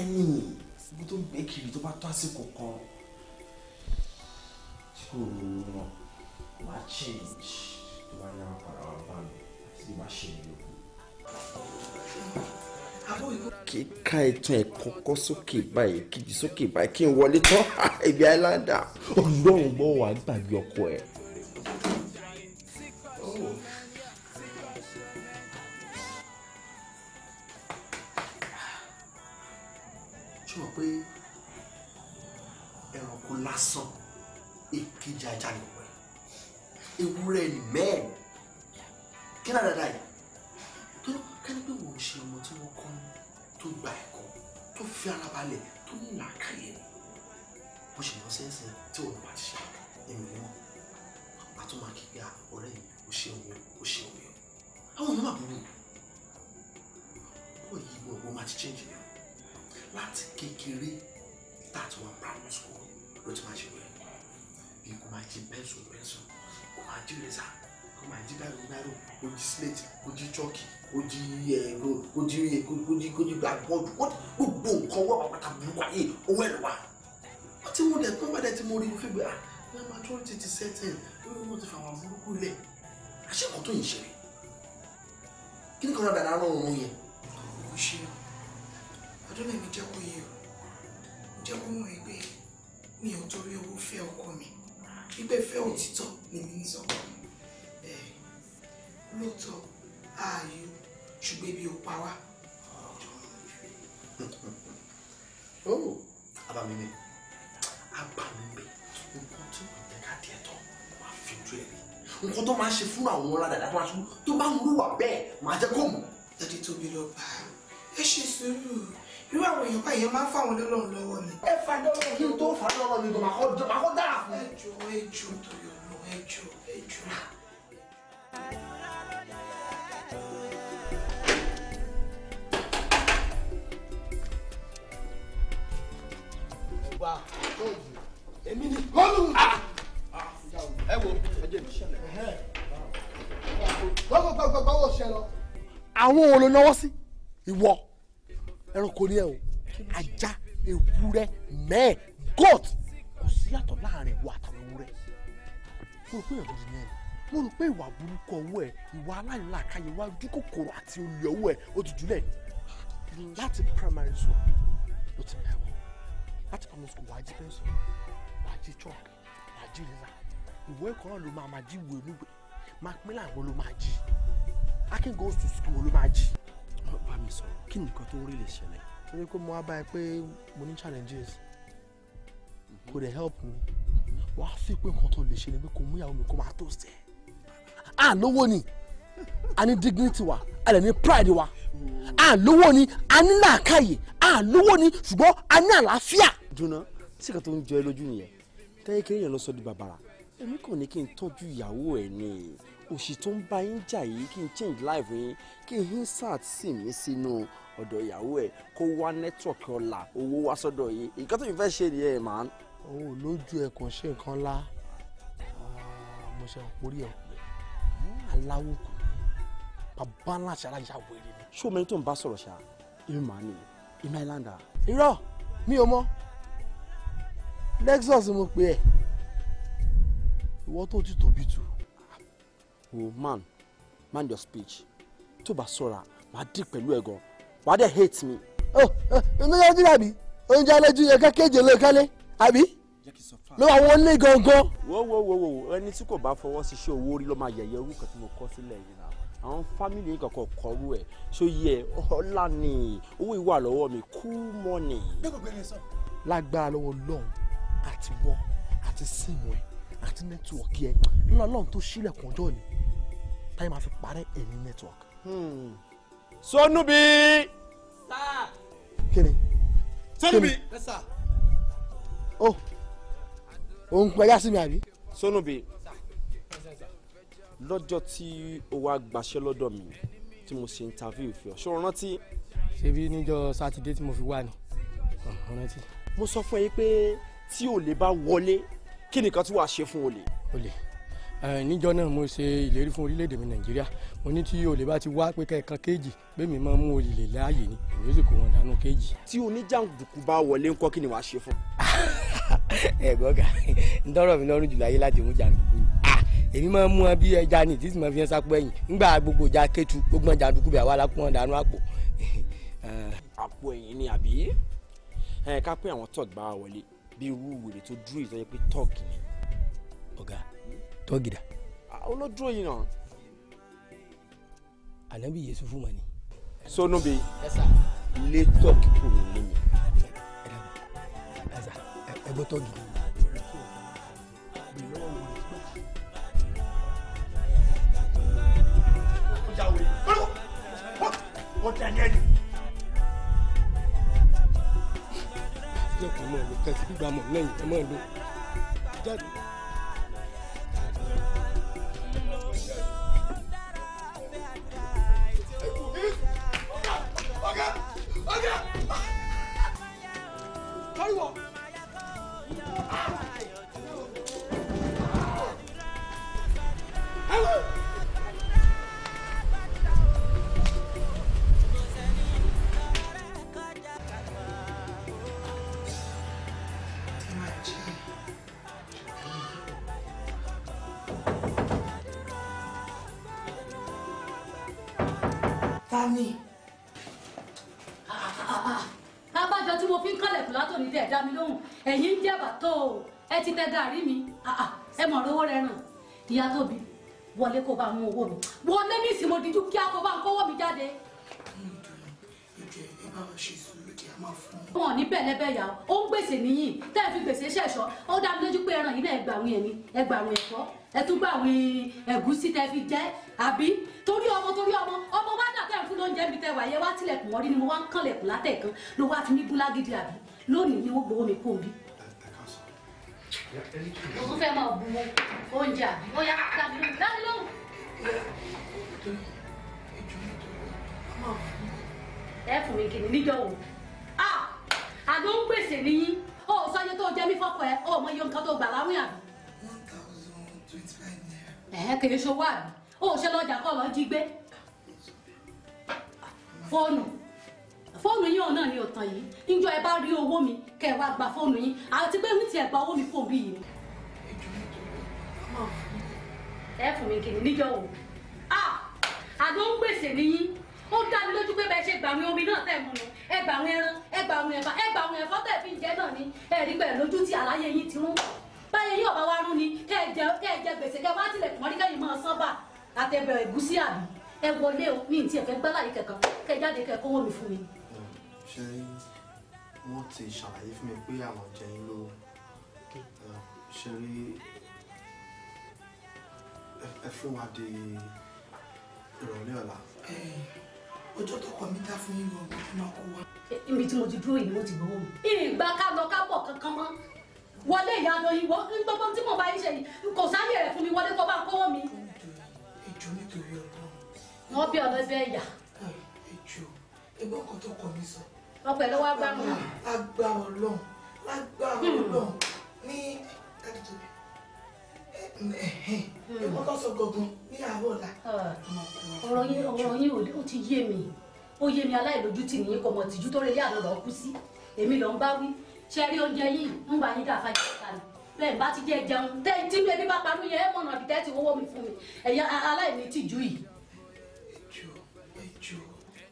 ẹni nì ibi tó gbé kiri tó bá tó àsìkò kan tí kò mọ wá change tó bá yára padà wá bá mi àti bá ṣe mí lókun. kíka ìtàn ẹ̀ kọ́kọ́ sókè báyìí kejì sókè báyìí kí n wọlé tán ibi islander ọlọ́run gbọ́ wà gbàgbé ọkọ ẹ̀. mọ̀ pé ẹranko lásán èkejì ajá ni wọ́n ewúrẹ́ ni mẹ́ẹ̀ kí náà dáadáa yìí tó kẹ́ni pé wò ó ṣe ọmọ tí wọ́n kọ́ tó gba ẹ̀kọ́ tó fi ara balẹ̀ tó ní làákàyè ni mo ṣe lọ sẹ́sẹ̀ tí òun bá ti ṣe èmi mọ́ àtúmọ̀ kíkà ọ̀rẹ́ mi ó ṣe òun ó ṣe òun yọ àwọn ọmọ máa burú ó yí gbogbo máa ti change yọ láti kékeré tààtì wa primary school ló ti máa ṣe wẹ̀ bí kò máa jí pẹ́ńsù pẹ́ńsù kò máa jí rẹ́sà kò máa jí báyìí báyìí kò jí slate kò jí chalky kò jí ẹ̀rọ kò jí kò jí kò jí blackboard gbogbo nǹkan wọ́n pàpàtà burúkú ayé owó ẹ̀ lọ́wọ́ wọ́n ti mú dẹ̀ tó ń bá dẹ̀ ti mú orí fún mi ah ẹ̀ máa tó ti ti lórí wọn ti fà wọn burúkú lẹ̀ àṣẹ tó yìí ṣẹlẹ̀ kí ni kan náà náà òun yẹn kò ṣe é ọdún náà mi jẹ́ kó yé o jẹ́ kó mọ̀ ẹ́ mi ò torí owó fẹ́ ọkọ mi gbígbé fẹ́ òtítọ́ lèmi ní sọ́kọ mi ẹ̀ lóòótọ́ ààyò ṣùgbọ́n ebi ò pa wá. abamimi oh, abamimi nǹkan tí mo jẹ ká díẹ̀ tán máa fi ojú ẹ rí nǹkan tó máa ṣe fún àwọn ọ̀la dàda tó máa ṣubú tó bá ń lùwà bẹ́ẹ̀ máa jẹ́ kó mọ̀. dadi tóbi lọ bá ẹ ṣe sùúrù irú àwọn èèyàn báyìí máa ń fáwọn lọ́lọ́run lọ́wọ́ ni. ẹ fa lọ́wọ́ kí n tó fà á lọ́wọ́ mi gan máa kọ́ dára fún. ẹjọ ẹjọ torí ọlọ ẹjọ ẹjọ. wa tóògì èmi ni. kọ́lù ẹ wo ẹjẹ mi ṣẹlẹ̀. gbọ́dọ̀ gbọ́dọ̀ gbọ́dọ̀ ṣẹlẹ̀. àwọn olùnáwó sí ìwọ ẹranko ni ẹ o ajá ewúrẹ́ mẹ́ẹ̀ goat kò sí yàtọ̀ láàrin ìwà àtàwọn ewúrẹ́ mo rò pé ìyàwó mi yẹn mo rò pé ìwà burúkú ọwọ́ ẹ ìwà aláìláàkáyé ìwà ojúkòkòrò àti olè ọwọ́ ẹ ó ti jùlẹ̀ láti primary school ló ti bẹ̀rẹ̀ wọ́n láti primary school wàá jí pẹ́ńsì wàá jí chalk wàá jí rírà ìwé ẹ̀kọ́ náà ló máa máa jí ìwé oníwèé macmillan wo ló máa jí akin goes to school ló máa jí bá mi sọ̀rọ̀ kí nìkan tó rí lè ṣẹlẹ̀. torí pé mo wá báyìí pé mo ní challenges mm-hmm. kò dẹ̀ help me wá sí pé nǹkan tó lè ṣe ni pé kò mú ìyàwó mi kó máa tó sẹ́ à lówó ni a ní dignity wa a lè ní pride wa à lówó ni a ní làákàyè à lówó ni ṣùgbọ́n a ní àlàáfíà. jona sí kan tó ń jẹ lójú nìyẹn tẹ́yẹ kiri yẹn lọ sọ di bàbàrà èmi kàn ní kí n tọ́jú ìyàwó ẹ̀ ni òṣì tó ń bá yín jà yìí kí n change life yín kí n hinsat sì mí sínú ọ̀dọ̀ ìyàwó ẹ̀ kó wá nẹ́tíwọ̀kì ọ̀la owó wá sọ́dọ̀ yìí nǹkan tó yìí fẹ́ ṣe nìyẹn màá. owó lójú ẹ kò ṣe nǹkan lá ah, mo ṣe àpòrí ẹ aláwo kù bàbá ńlá ṣe alájà wẹrẹ ni. ṣé o mẹ́rin tó ń bá sọ̀rọ̀ ṣá èmi màá nìyẹn èmi àìláńdà. irọ́ mi ò mọ̀ Lexus mo pè ẹ́ ìwọ tó ti tóbi tù wo man man your speech tó bá sọ̀ra màá dì pẹ̀lú ẹ̀ gan wàá dẹ̀ hate me. ọ ọ ǹjẹ́ ọdún àbí oúnjẹ alẹ́ ju ẹ̀ka kéje ló kálẹ̀ àbí ló wà wọlé gangan. wo wo wo wo ẹni tí kò bá fọwọ́ sí iṣẹ́ owó rí ló máa yẹ̀yẹ́ orúkọ tí mo kọ́ sílẹ̀ yìí náà àwọn fámìlì yìí kankan kọrú ẹ̀ ṣó yẹ ọ̀la ni owó ìwà lọ́wọ́ mi kú mọ́ ni. lágbára lọ́wọ́ lọ́hùn àti wọ́ àti símù ẹ̀ àti nẹ́tíwọ̀kì ẹ lọ́la ọlọ́run tó sílẹ̀kùn ọjọ́ ni táyé máa fi parẹ́ ẹ̀mí nẹ́tíwọ̀kì. Hmm. sonubi. sáà. kíni. sonubi. ó oh. òun pẹ̀lú mi abi. sonubi lọ́jọ́ tí o wá gbaṣẹ́ lọ́dọ̀ mi tí mo ṣe interview fi ọ ṣó rántí. ṣebí níjọ́ sátidé tí mo fi wà ní. mo sọ fún yín pé tí ò lè bá wọlé kí nìkan tí wàá ṣe fún olè. olè níjọ náà mo ṣe ìlérí fún orílẹ̀-èdè mi nàìjíríà mo ní tí olè bá ti wá pé kẹ́ẹ̀kan kéèjì pé mi máa mú olè láàyè ni èmi sì kó wọn dànù kéèjì. tí oníjàǹdùkú bá wọlé ńkọ́ kí ni wàá ṣe fún. ẹ gbọ́dọ̀ ń dọ́rọ̀ mi lọ́rùn jùlọ ayé láti mú jàǹdùkú ni ah, èmi máa mú wọn bí ẹja ní títí máa fi ẹ sápò ẹ̀yìn ńgbà gbogbo ìjà kẹtù gbogbo jàǹdùkú bí àwa ni àbí ẹ ká bí irú wèrè tó dúró ìtọ́jú pé tọ́ọ̀gì ni. ọ̀gá tọ́ọ̀gì dà. olódúró yìí náà. ànábì Yúsúfù mà ni. sọ́nùbí ilé tọ́ọ̀gì kò ní mú mi. ẹ gbọ́ tọ́ọ̀gì ni. What the hell? jẹ́ kí n mọ̀ lò kẹ́sì gbígbà mọ̀ lẹ́yìn ẹ mọ̀ lò jáde. Hello! ara ni. Ah, ah, ah, abájọ tí mo fi ń kọ́lẹ̀kùn látòní dẹ̀ dá mi lóhùn ẹ̀yin ń jẹ́ bàtó o ẹ ti tẹ gàrí mi ẹ mọ̀ rówó rẹ ràn ìyá tóbi wọlé kó bá mú owó mi wọlé ní ìsìn mo díjú kí akọ bá ń kówó mi jáde. wọn ní bẹ̀lẹ́bẹ̀ yà ó ń gbèsè níyìn tẹ́ ẹ fi gbèsè ṣẹ̀ṣọ́ ó dá mi lójú pé ẹran yìí náà ẹgbàrún ẹ̀mí ẹgbàrún ẹ̀fọ́ ẹ tún gbàwé ẹ̀gúsí tẹ fi jẹ àbí torí ọmọ torí ọmọ ọmọ wa dà tẹ̀ fún lóúnjẹ mi tẹ wà yẹ wá tilẹ̀kùn wọ́n rí ni mo wá ń kànlẹ̀kùn látẹ̀kan ló wá fi ní búlágídí àbí lónìí ni wọ́n gbowó mi kó mi. mo tún fẹ́ máa bu oúnjẹ àbí ó yá dábì lóhùn dábì lóhùn. ẹ fún mi kìnnìún níjọ wò ah! àdó ń gbèsè níyín ó sọ iye tó jẹ mí fọkọ ẹ ó mọ iye nǹkan tó gbà láwìn àbí twenty five naira. ẹ̀ẹ́ kèrè ṣòwò àbí ó ṣe lọ́jà kọ́ lọ́ọ́ jí gbé fóònù fóònù yín ọ̀nà ni ọ̀tàn yìí níjọ ẹ bá rí owó mi kẹ ẹ wá gba fóònù yín àti pé mi ti ẹ̀ gba owó mi fóònù yìí ni. ẹ fún mi kìnnì níjọ o àdó ń gbèsè nìyí ó dá mi lójú pé bẹ́ẹ̀ ṣe gbà àwọn omi náà tẹ̀ mú un ẹ gbà àwọn ẹran ẹ gbà àwọn ẹ̀fọ́ ẹ gbà àwọn ẹ̀fọ́ tẹ̀ fi ń jẹ náà ni ẹ̀rí pẹ̀lú lójú tí àlàyé yín ti rún báyìí yóò bá wa rún ni kẹ́ ẹ jẹ kẹ́ ẹ jẹ gbèsè kẹ́ tilẹ̀ kùmọ́rí kẹ́yìn máa sán bà àtẹ̀bẹ̀rẹ̀ ẹ̀gúsí àbí ẹ wọlé o ní ìtì ẹ̀fẹ́ gbálàyé kẹ̀kan kẹ́ ẹ jáde kẹ́ ẹ kówó mi fún mi. ṣé wọ́n ti ṣàlàyé fún mi pé àwọn jẹ́ ń lo ṣe rí ẹ fún wa di ìrọ̀lẹ́ ọ̀la. ọjọ́ tó kọ mí dá fún yín gan-an máa kó wa. ibi tí mo ti dúró yìí ni mo ti gbowó mi. ìgbà ká lọ ká bọ̀ kankan mọ́ wọlé ìyanu ìwọ gbogbo tí mo bá yín ṣe yìí kò sáyè rẹ fún mi wọlé kó bá kówó mi. ìjọ nítorí Ọlọ́run. wọn bí ọlọbẹ ẹyà. ìjọ ẹgbẹ́ ọkọ ah, tó kọ mi sọ. ọpẹ ló wá gbà wọn. lágbà Ọlọ́run lágbà Ọlọ́run ní kádìjì ẹ̀wọ́n tó sọ gangan ní àárọ̀ ọ̀la. Ah, ọ̀rọ̀ yín ọ̀rọ̀ yín ò ti yé mi ó yé mi aláìlójútì nìyí kọ̀mọ̀tìjú tó relé àná lọ́ọ́ kú sí èmi lọ́ọ́ bá wí ṣe rí oúnjẹ yìí ń bá yín dà fáyé kalẹ̀ bẹ́ẹ̀ bá ti jẹ́ jẹun tẹ́ tí mi ẹbí bá parú yẹn ẹ mọ̀nà bìtẹ́ ti wọ́wọ́ mi fún mi ẹ̀yà aláìní tìjú yìí.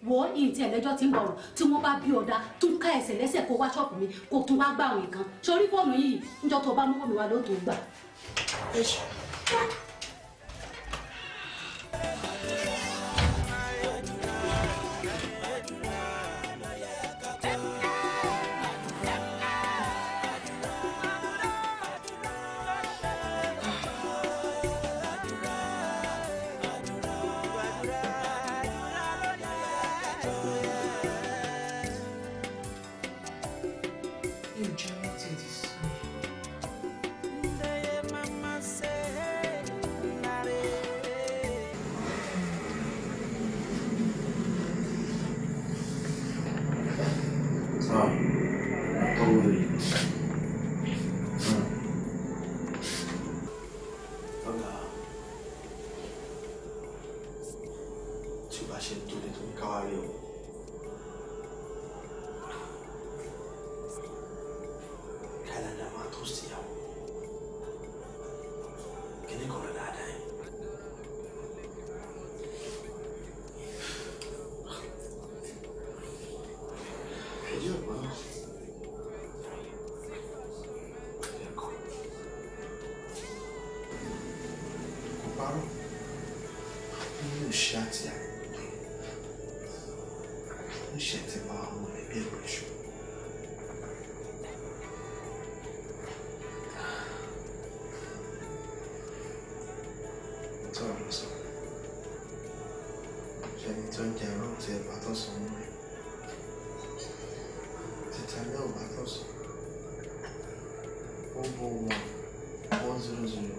wọ́ ìtì ẹ̀lẹ́jọ́ ti ń bọ̀ tí wọ́n bá bí ọ̀dà tún ká ẹsẹ̀ lẹ́sẹ̀ kó wá ṣọ́ọ̀pù mi kó tún wá gbà àwọn nǹkan sórí fóònù yìí níjọ́ tó bá mú mi wá lóòótọ́ gbà. ṣe àti àìmọye ń ṣe ti máa mú ẹbí ẹgbẹ ṣù. tọ́ọ̀rọ̀ sọ ṣẹni tó ń jẹ ọlọ́run ti ẹ̀bà tó sọ mú rẹ̀ títa ní ọ̀bà tó sọ ó bó wọn one zero zero.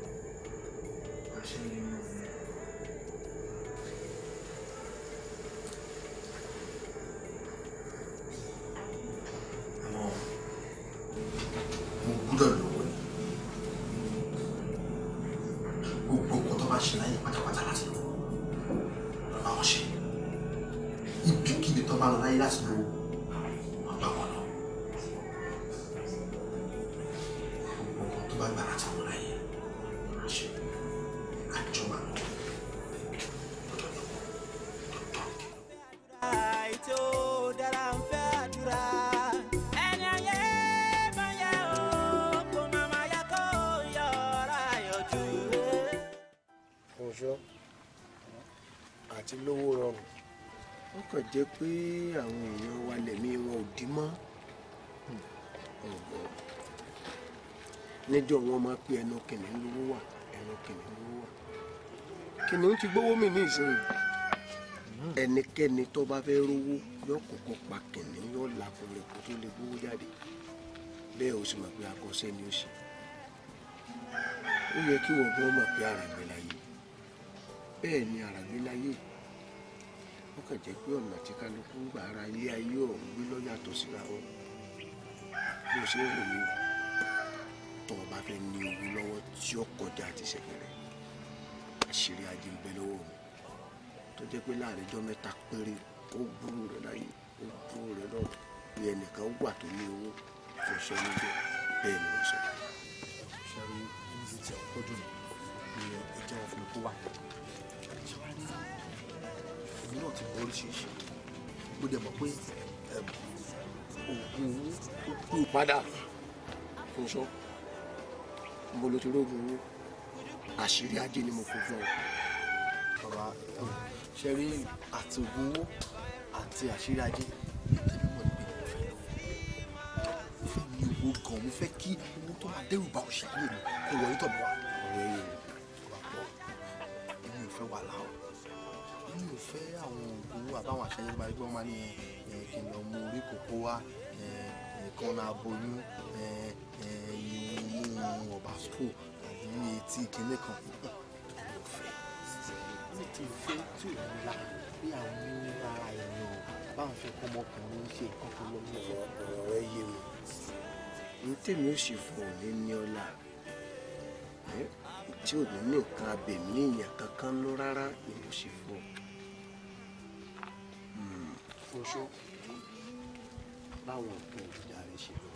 jẹ́ pé àwọn èèyàn wa lẹ̀mí wọn ò dín mọ́ hmm. níjọ wọn máa pe ẹnu kìnìún lówó wà ẹnu kìnìún lówó wà kìnìún ti gbówó mi ní ìsìn yìí hmm. ẹnikẹ́ni tó bá fẹ́ rówó yọ kọ́kọ́ pa kìnìún yọ làkùnrin kó tó lè gbówó jáde bẹ́ẹ̀ o sì mọ̀ pé akọ́ṣẹ́ ni ó ṣe ó yẹ kí wọ́n gbọ́ mọ̀ pé àràgbélayé bẹ́ẹ̀ ni àràgbélayé yìí kàn jẹ́ pé ọ̀nà tí kálukú ń gbà ara ilé ayé ọ̀hún gbé lọ́yàtọ̀ síra wọn bó ṣe ń rò mí tó o bá fẹ́ ní owó lọ́wọ́ tí ó kọjá àti ṣẹ̀kẹ̀rẹ̀ àṣírí ajé ń bẹ lọ́wọ́ mi tó jẹ́ pé láàrin ọjọ́ mẹ́ta péré ó burú rẹ̀ láyé ó burú rẹ̀ lọ́wọ́ bí ẹnìkan wà tó ní owó kò sọ ní jẹ́ bẹ́ẹ̀ ni wọ́n sọ. ṣe é rí ibi tí a ní ẹjọ́ òfin tó wà ti bọ oríṣiríṣi mo dẹ̀ mọ̀ pé oògùn ó pè padà fúnṣọ́ mo lo ti rógun owó àṣírí ajé ni mo kò fún ọ bàbá ṣe rí àti oògùn owó àti àṣírí ajé tẹ̀lé mọ̀ níbi ìfẹ́ mi ò fẹ́ ní owó gan mo fẹ́ kí owó tó máa dẹ́rù bá òṣèlú mi kò wọlé tọ̀ mọ́ wa. táwọn àṣẹyẹ máa gbé máa ní kí n lọ mú orí kòkó wá nǹkan náà aboyún ìmú ọba school tàbí ní etí ìkíní kan. ní ti ìfẹ́ tí ò ń la bí àwọn ní ara ẹ̀yìn o báwọn fi ọmọkùnrin ṣe nǹkan tó lọ́wọ́. ọ̀rọ̀ rẹ yé mi ní tèmi ò sì fọ òní ní ọ̀la tí ò ní nǹkan abẹ̀mí èèyàn kankan lọ rárá ni mo sì fọ ṣoṣo báwọn nǹkan olùdarí ṣe lọ.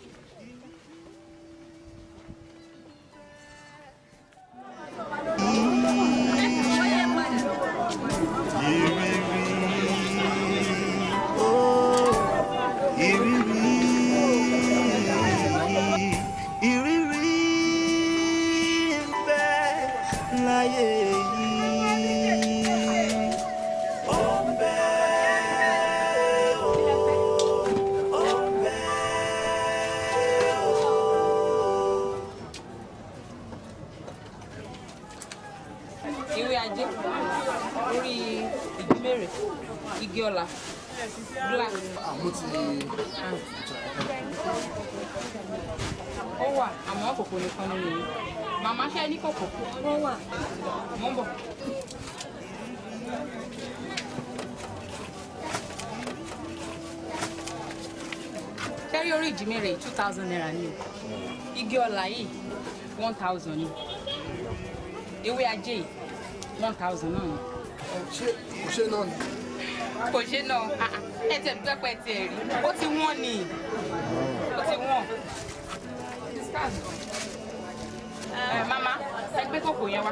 thousand naira ni o igi ọ̀la yìí one thousand ni ewé ajé yìí one thousand náà ni. ṣé kò ṣe náà ni. kò ṣe náà ah, ah. ẹ tẹ̀ bí pẹ́pẹ́ tiẹ̀ rí ó ti wọ́n ni ó ti wọ́n. Eh, mama ẹgbẹ́ kòkò yẹn wá.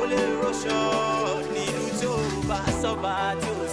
ó lè rọṣọ nílùú tó bá sọ́ba tó.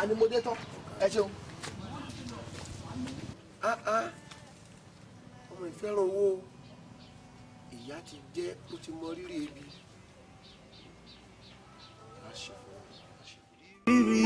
ànímọdé tán ẹ ṣeun. Ah, ah. ọmọ ìfẹ́ràn owó ìyá ti jẹ́ ó ti mọ rírì ebi. rírì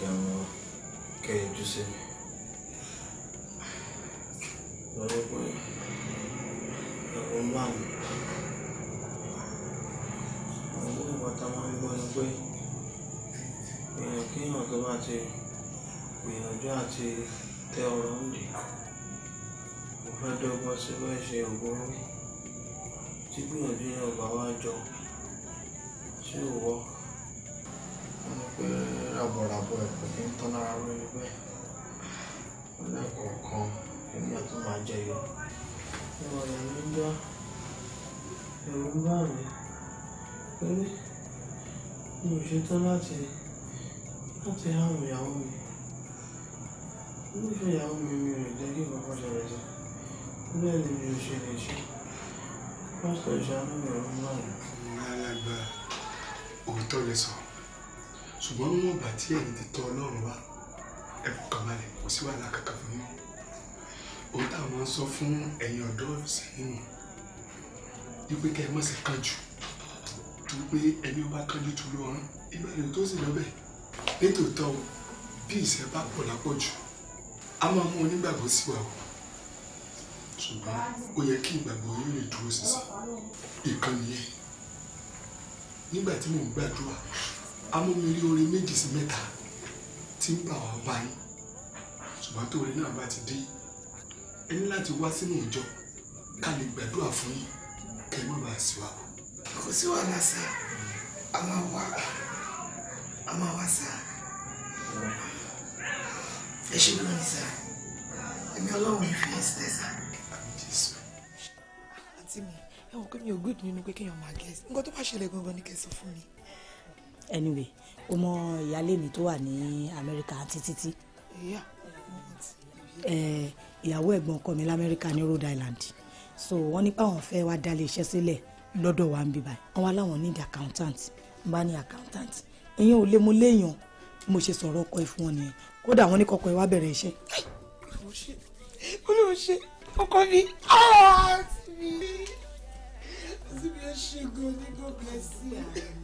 kẹ́ ẹ mú wa kẹ́ ẹ jú sí mi. lọ́wọ́ pé ẹ̀rọ ń bà mí. àwọn ìwà tá a máa ń gbọ́ ni pé èèyàn kéèyàn tó bá ti gbìyànjú àti tẹ ọ̀rọ̀ ń dì. mo fẹ́ dọ́gbọ́n sí bẹ́ẹ̀ ṣe ògùn orí tí gbìyànjú yẹn ò bá wá jọ sí òwò ràbọ̀ràbọ̀ ẹ̀ kò kí ń tán lára lórí bẹ́ẹ̀ lẹ́kọ̀ọ̀kan èmi àti máa jẹyọ. ìrọ̀lẹ́ mi ń dá ẹ̀rù ń bà mí pé mi ò ṣetán láti láti háwọn ìyàwó mi. nífẹ̀ẹ́ ìyàwó mi mi ò jẹ́ kí bàbá ṣẹlẹ̀ sí bẹ́ẹ̀ ni mi ò ṣe lè ṣe pásítọ̀ ìṣàánú mi ò ń bà mí. ìyá alágbá òótọ́ lè sọ ṣùgbọ́n níwọ̀n ìgbà tí ẹ̀yin ti tọ̀ ọlọ́run wá ẹ fọkàn balẹ̀ kò sí wàhálà kankan fún yín òun táwọn sọ fún ẹ̀yin ọ̀dọ́ sẹ́yìn nù wípé kẹ́ ẹ má ṣe kánjú wípé ẹni ó bá kánjú tó ló ọ̀rán ìbẹ̀rẹ̀ tó sì lọ́bẹ̀ nítòótọ́ bí ìṣẹ́ bá pọ̀ lápọ̀jù a máa mú onígbàgbọ́ sí wa o ṣùgbọ́n ó yẹ kí ìgbàgbọ́ yóò lè dúró sísè ìkànnì yẹn nígbà tí mò ń gbàdúrà amúmiri orin méjì sí mẹ́ta tí ń bà wá báyìí ṣùgbọ́n tó orin náà bá ti dé ẹ ní láti wá sínú ìjọ ká lè gbàdúrà fún yín kẹ má bàa sí wa. kò sí wàhálà sá a máa wá a máa wá sá ẹ ṣe lóyún sá èmi ọlọ́run ìfẹ́ ẹ̀ sílẹ̀ sá. àǹtí mi ẹ̀wọ̀n pé mi ò gbìdì nínú pé kéèyàn máa gẹ̀ nǹkan tó bá ṣẹlẹ̀ gangan ni kẹ́ ẹ sọ fún mi anyway o mọ ìyáálé mi tó wà ní amẹ́ríkà àti títí ìyàwó ẹ̀gbọ́n ọkọ mi lamẹ́ríkà ní Rhode Island so wọ́n ní páwọn fẹ́ wá dá iléeṣẹ́ sílẹ̀ lọ́dọ̀ wa ń bí báyìí wọ́n wá láwọn need accountant ń bá ní accountant èèyàn ò lè mú léèyàn mo ṣe sọ̀rọ̀ ọkọ ẹ̀ fún wọn nìyẹn kódà wọ́n ní kọ́kọ́ ẹ wá bẹ̀rẹ̀ iṣẹ́. ó ní o ṣe ọkọ mi àti mi àti mi ẹ ṣe gan ni God bless you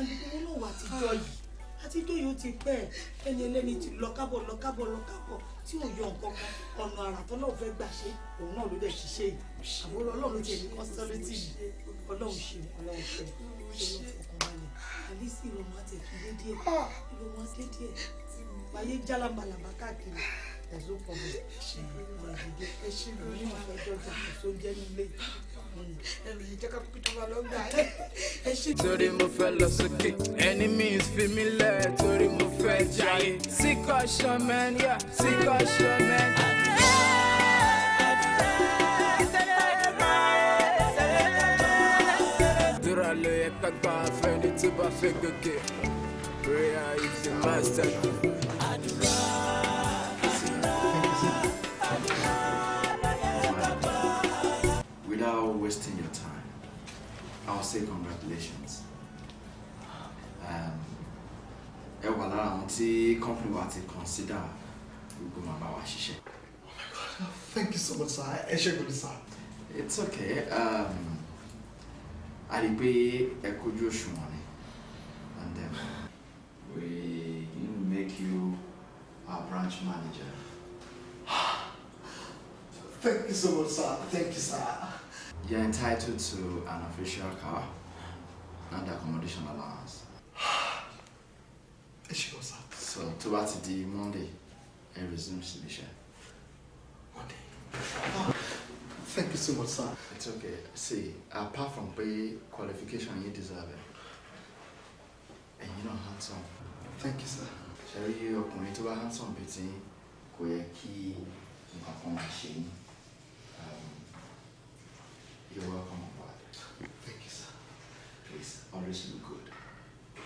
àlùkò ló wà àtijọ́ yìí àtijọ́ yìí ó ti pẹ́ ẹni ẹlẹ́ni ti lọ kábọ̀ lọ kábọ̀ lọ kábọ̀ tí ò yọ nǹkan kan ọ̀nà àrà tó náà fẹ́ gbà ṣe òun náà ló dẹ̀ ṣiṣẹ́ yìí àbúrò ọlọ́run ti ẹ̀mí kan sọ́lẹ́tì yìí ọlọ́run ṣe ọlọ́run ṣe ọlọ́run fọkànbalẹ̀ àlísì ìrọ̀mọ́ àti ẹ̀kúndé díẹ̀ ìrọ̀mọ́ àti díẹ̀ wáyé jálámbalàbá káàkiri ẹ̀zọ́ pọ̀ bẹ́ẹ̀ ṣe ìrọ̀mọ́ àti díẹ̀ ẹròyìn jẹ́ ká kúkú tó bá lọ́gbà ẹ. torí mo fẹ́ lọ sókè ẹni mi fi mí lẹ̀ torí mo fẹ́ jayé síkọ̀ ṣọmẹ́ni síkọ̀ ṣọmẹ́ni. àdúrà ló yẹ ká gbà fẹ́ni tó bá fẹ́ gòkè prayer is the master wasting your time. I'll say congratulations. Um, ẹ wà lára àwọn tí company consider gbogbo màmá wa ṣiṣẹ́. Oh my God, oh, thank you so much sir, ẹ ṣe sir. It's okay. Um, a rí pé ẹ kojú òṣùwọ̀n money. and then we make you our branch manager. Thank you so much, sir. Thank you, sir. You're entitled to an official car and accommodation allowance. Ẹ ṣe kọ sá. So tó bá ti di Monday, ẹ resume submission. Monday. Oh, thank you so much, sir. It's okay. See, apart from pay qualification, you deserve it. And you know handsome. Thank you, sir. Ṣé rí ọkùnrin tó bá handsome bíi ti kò yẹ kí nǹkan You're welcome, Father. Thank you, sir. Please, always look good.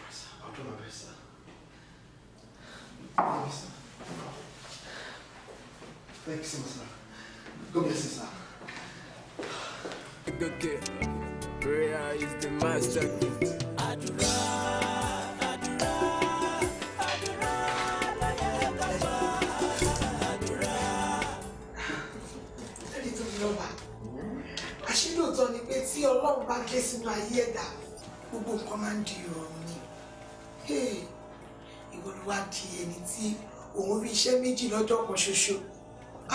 Yes, I'll do my best, sir. Thank you, sir. Thank you so much, sir. God bless you, sir. Okay. Prayer is the master gift. Adura. àṣìlóòótọ́ ni pé tí ọlọ́run bá ké sínú ayé ẹ̀dá gbogbo nǹkan máa ń di ìrọ̀rùn ni ìwọ ló wá di ẹni tí òun rí iṣẹ́ méjì lọ́jọ́ kan ṣoṣo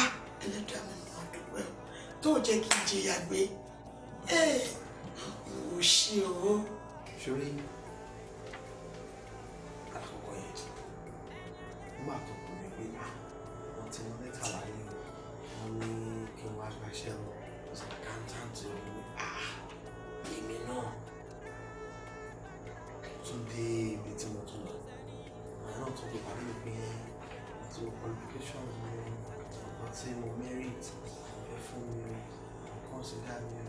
ah ẹlẹ́dàá mi mọ̀ dúpẹ́ tó jẹ́ kí n jìyà gbé ò ṣe o. sori alakoko yẹn máa tó dé ibi tí mo tún lọ àwọn náà tún fi pàdé mi pé ti mo qualification mi nǹkan tí mo merit ẹ fún mi consider mi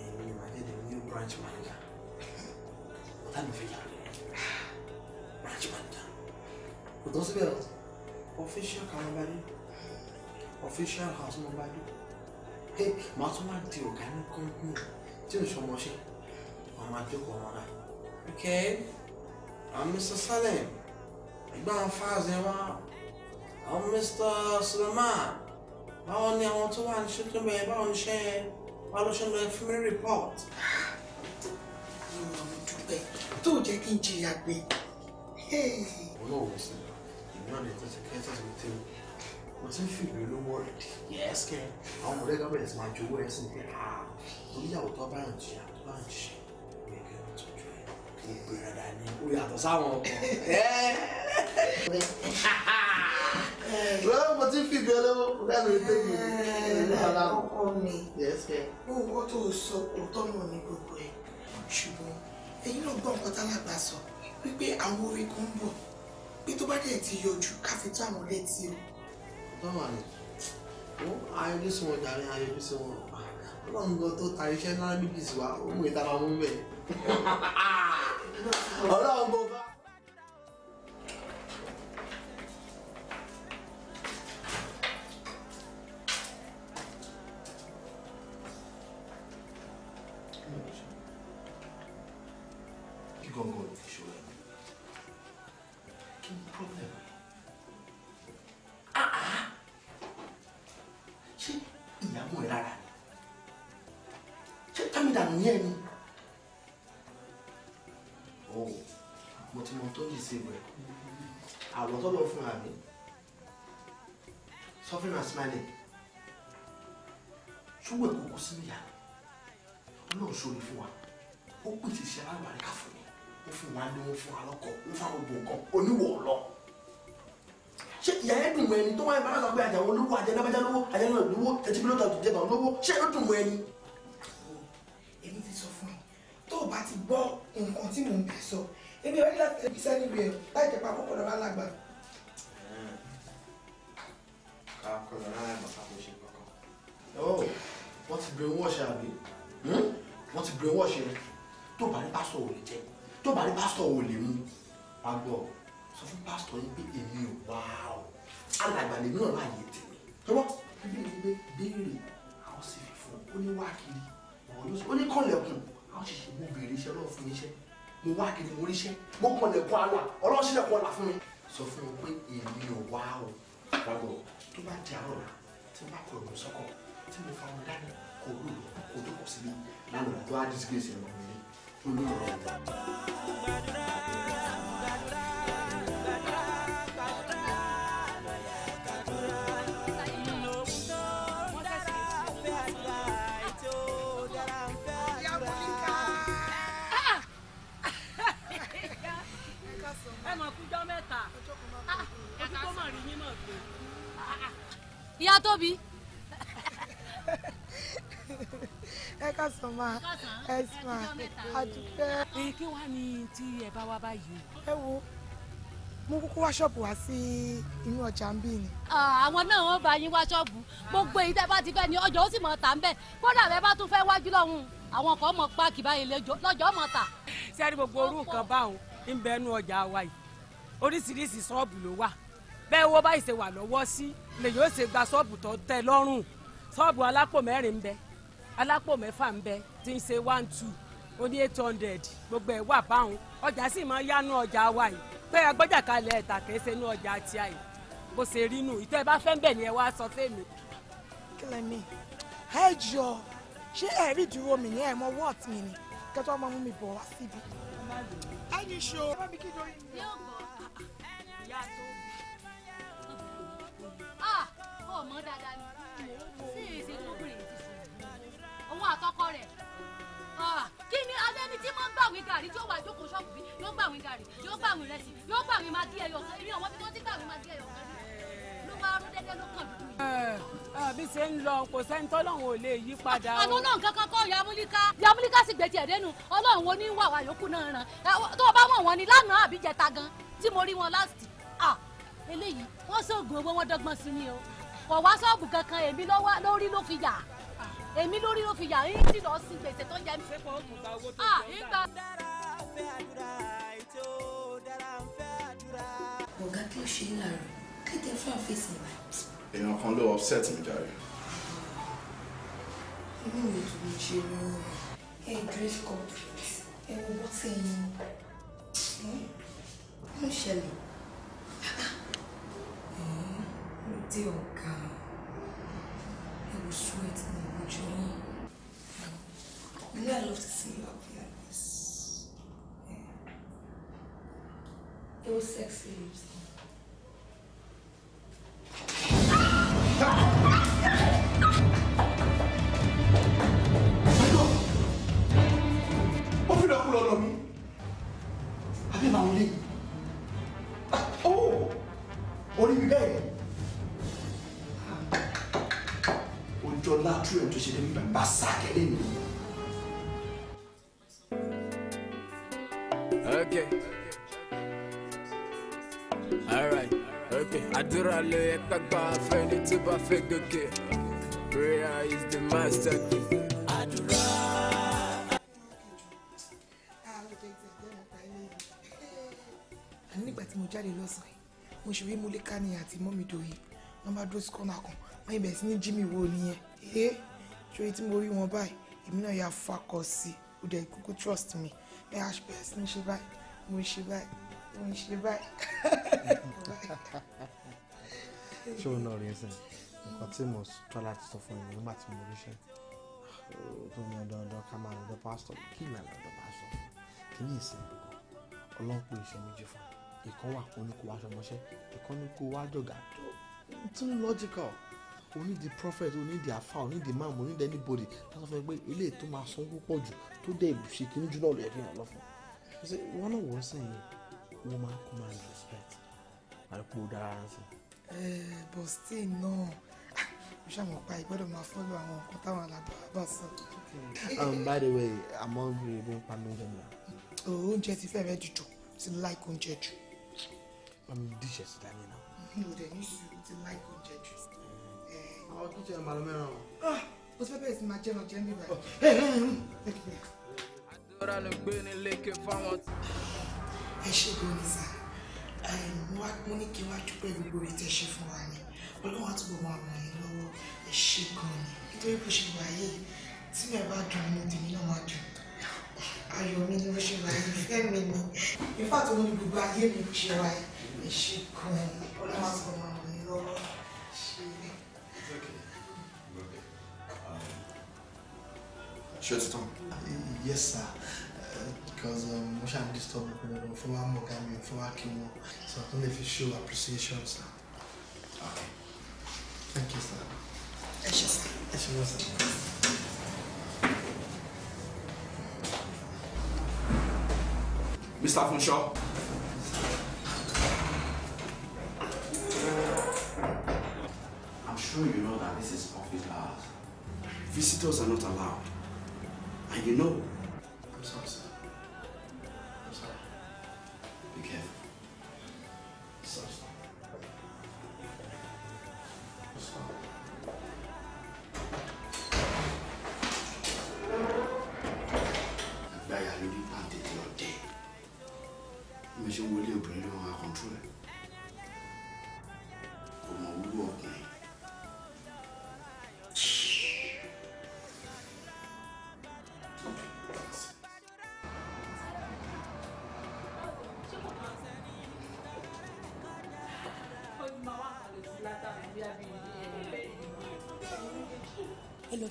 ẹ̀yin ni màá jẹ́ the new branch manager ọ̀tá mi fi yà branch manager kò tó síbẹ̀ lọ official kanabade official house mobade hey màá tún máa di ọ̀gá ní company tí ò ń ṣọmọṣẹ́ ọmọ àjọkọ̀ ọmọ náà okay. Mr. Salim. Ìgbà Fáàzì and Mr. Suleiman. Báwo ni àwọn tó wà ní ṣe tó bẹ̀rẹ̀ báwo ni ṣe wàá lọ ṣe lọ report. Ìmọ̀ mi dúpẹ́ tó jẹ́ kí n jìyà gbé. Olóòwò sí ìgbà mi tó ti kẹ́tọ́ sí ti mo ti ń fi ìlú olówó rẹ̀ dì. Yẹ́sì kẹ́ àwọn ọ̀rẹ́ gábẹ̀rẹ̀ ti máa jowó ẹ̀ sí ní pé àà ah, lórí ìyàwó tó bá ń jìyà tó bá ń jìyà gbogbo ìrẹ̀dà ni ó yàtọ̀ sáwọn well mo ti fi bí ọlọ́wọ́ láti rí tẹ́lẹ̀ ní ọ̀la. ọkọ mi gbogbo tó sọ òótọ́ mọ̀ ní gbogbo ẹ̀ ṣùgbọ́n ẹ̀yin náà gbọ́ nǹkan tálágbà sọ wípé àwọn orin kan ń bọ̀ pé tó bá dẹ̀ ti yọjú ká fi tó àwọn létí o. báwa ni ó ayọ̀bí sí wọn jàre ayọ̀bí sí wọn ọlọ́run gan tó ta iṣẹ́ Olha lá, um bobagem. suffering and smiling ṣùgbọ́n èkó kó sínú ìyá ọlọ́run sórí fún wa ó pèsè iṣẹ́ alágbàrí ká fún mi ó fún wa ní wọn fún wa lọ́kọ̀ ó fún àwọn ògùn kan oníwọ̀ ọ̀lọ́ ṣé ìyá yẹn dùn mọ́ ẹni tó wáyé bá lọ́sọ̀ pé àjàwọ̀ olówó ajẹ́nàbájá lówó ajẹ́nàbájá lówó tẹ̀sí bílọ́tà tó jẹba olówó ṣé ó dùn mọ́ ẹni. èmi ti sọ fún ẹ tó o bá ti gbọ́ nǹkan tí mò ń bẹ sọ èmi ò ní láti tẹ̀síṣẹ́ níbi ẹ̀ láì jẹ́ pa àkókò lọ́ba alágbàá akọlọ rárá ìmọ̀ ká kò ṣe kankan. ọ wọ́n ti brain wash àbí wọ́n ti brain wash rẹ tó bá rí pásítọ̀ ò lè jẹ tó bá rí pásítọ̀ ò lè mú wá gbọ́ sọ fún pásítọ̀ yín pé èmi ò wá o alàgbà lèmi náà láàyè tèmi tó bọ́ bíbélì ni pé béèrè àwọn sì fi fún ó ní wá kiri ó ní kọ́lẹ̀kùn àwọn sì ṣe mú béèrè iṣẹ́ lọ́wọ́ tó bá di àárọ̀ la tí bá kọ ìgbọ̀n sọ́kọ̀ tí mo fa ọmọ dání kò lò kò tó kọ̀ sílé lánàá tó á dísíkèsì ẹ̀rọ mi lé tó ìyá tóbi. ẹ ká sàn máa ẹ sàn máa àdúpẹ́. èyí kí wàá ní tí ẹ bá wá báyìí. ẹ wo mo kúkú wá ṣọ́ọ̀bù wá sí inú ọjà ń bí ni. àwọn náà wọn bá yín wá ṣọ́ọ̀bù gbogbo èyí tẹ́ bá ti fẹ́ ni ọjà ó sì mọ̀ tà ń bẹ̀ kódà bẹ́ẹ̀ bá tún fẹ́ wájú lọ́hùn àwọn kan mọ̀ páàkì báyìí lọ́jọ́ mọ̀ tà. sẹ́ni gbogbo orú nǹkan báwọn ń bẹ́ẹ̀ nú ọjà wa yìí oríṣiríṣi ṣọ́ọ̀bù ló wà bẹ́ẹ̀ wọ́n báyìí ṣe wà lọ́wọ́ sí lè yóò ṣe gba ṣọ́ọ̀bù tó tẹ́ lọ́rùn ṣọ́ọ̀bù alápò mẹ́rin ń bẹ alápò mẹ́fà ń bẹ tí ń ṣe one two ó eight hundred gbogbo ẹ̀ wà ọjà sì máa yánú ọjà wa yìí pé kalẹ̀ ẹ̀ta ṣe inú ọjà àti àyè bó ṣe rí nù ẹ bá fẹ́ bẹ̀ ni ẹ wá sọ fẹ́mi. ẹ ṣé mi ní ẹ̀mọ wọ́ọ̀tì ni kẹ́tọ́ ọmọ dáadáa ni sí èsì lóbìnrin ti sùn òun àtọkọ rẹ̀ kí ni abẹ́ni tí máa ń gbàwìn gàrí tí ó wà jókòó ṣọ́ọ̀bù bí yóò gbàwìn gàrí yóò gbàwìn rẹsì yóò gbàwìn máa díẹ̀ yọ̀ọ̀kan èmi àwọn tí wọ́n ti gbàwìn máa díẹ̀ yọ̀ọ̀kan ló wá rú dẹ́dẹ́ ló kàn dúdú yìí. bí ṣe ń lọ kò sẹ́ni tọ́lọ́hún ò lè yí padà o. àná náà kankan kọ́ yamúlíká yamúlíká sì gbé tiẹ̀ dénú ọlọ́run wo ní wàwà yòókù náà ràn tó o bá mọ̀ wọ́n ni lánàá àbí jẹta gan tí mo rí wọn last eléyìí wọ́n sọ̀gùn owó wọn dọ́gbọ́n sí ni o kọ̀ wá ṣọ́ọ̀bù kankan èmi lórí ló fi yà èmi lórí ló fi yà ń tì lọ sí gbèsè tó yẹ mi. Ah, ọ̀gá kí ló ṣe é láàárọ̀ kéde fún àfẹ́sẹ̀ wa. èèyàn kan ló upset mi jàre. inú mi kì í ṣe lóore ẹ dress complete ẹ wo bọ́sẹ̀ yín ń ṣẹlẹ̀. Ah, ah dé ọ̀gá I will sweat in the ojú yín. Really, I love to see you happy like this. Yeah. It was sexy. Ah, oh! orí mi bẹ́ẹ̀ ọlá àtúrò ẹ̀ tó ṣe débi bá sàkẹ́lẹ́ mi. Okay. All right. Okay. Àdúrà ló yẹ kápá afẹ́ni tó bá fẹ́ gòkè. Prayer is the master key. Àdúrà. Nígbà tí mo jáde lọ́sàn-án, mo ṣe rí Múlíkà ní àti mọ́mídòye, wọ́n bá dúró sí kan, wọ́n yìí sí ní jí mi wo nìyẹn ẹ ṣòye tí mo rí wọn báyìí èmi náà yà fakọ sí o dẹ̀ kúkú trust me ẹ àṣìbẹ̀rẹ̀ sí ní ṣe báyìí mo ń ṣe báyìí mo ń ṣe báyìí. ṣé o náà rí ẹsẹ nǹkan tí mo tọ́ láti sọ fún ẹ̀yìn nígbà tí mo ríṣẹ́ tó ní ọ̀dọ̀ ọ̀dọ̀ ká máa lọ́dọ̀ pásítọ̀ kí ìlànà ọ̀dọ̀ bá sọ fún kí ní ìsìn gbogbo ọlọ́pọ̀ iṣẹ́ méjì fún ìkan wà kó ní kó wá aṣọ mọ́ṣẹ́ ìkan ní kó wá jọ̀gà tó tún logical o ní di prophet o ní di afa o ní di imam o ní di anybody láti fẹ́ pé ilé tó máa san púpọ̀ jù tó dẹ̀ ṣe kí ní jù náà lọ ẹ̀rí hàn lọ́fọ̀ ṣe wọn náà wọ́n sìn yìí wọ́n máa kó máa ní respect àdúgbò dára sí. ẹ eh, bọ̀ still náà ah, mo ṣàmọ̀ pa ìgbọ́dọ̀ máa fọ́lọ́ àwọn nǹkan táwọn alábọ̀ bá sọ. Um, by the way àmọ́ mi ò bí ń pa mi oúnjẹ mi. Oh, oúnjẹ ti fẹ́rẹ̀ jù jù ti láìkó oúnjẹ jù. mami díṣẹ̀ sí dání náà. mi ò dẹ̀ ní sùúrù ti láìkó ọ kí ṣe màlúù mẹ́ràn o. Ah, o ti fẹ́ bẹ̀rẹ̀ sí máa jẹun jẹun bíbá. Oh, hmm. àdúrà ló gbé ní lékè fáwọn. ẹ ṣe gbóni sá mo ní kí n wá dúpẹ́ gbogbo rẹ̀ tẹ́ ṣe fún wa ni ọlọ́wọ́n àtúbọ̀ máa ràn yín lọ́wọ́ ẹ ṣe gan ni nítorí bó ṣe wà yìí tí mi bá dùn mo tèmi náà máa dùn ayọ̀ mi ni mo ṣe wà yìí ni ìfẹ́ àtọ́wọ́n ní gbogbo ayé mi ṣe wà ẹ ṣe gan ni ọlọ́wọ́n Tristan. Yes, sir. Uh, because um, we shall disturb the former Mogami and former Kimo. So I don't know if you show appreciation, sir. Okay. Thank you, sir. Yes, sir. Yes, sir. Mr. Funshaw. I'm sure you know that this is office hours. Visitors are not allowed. And you know,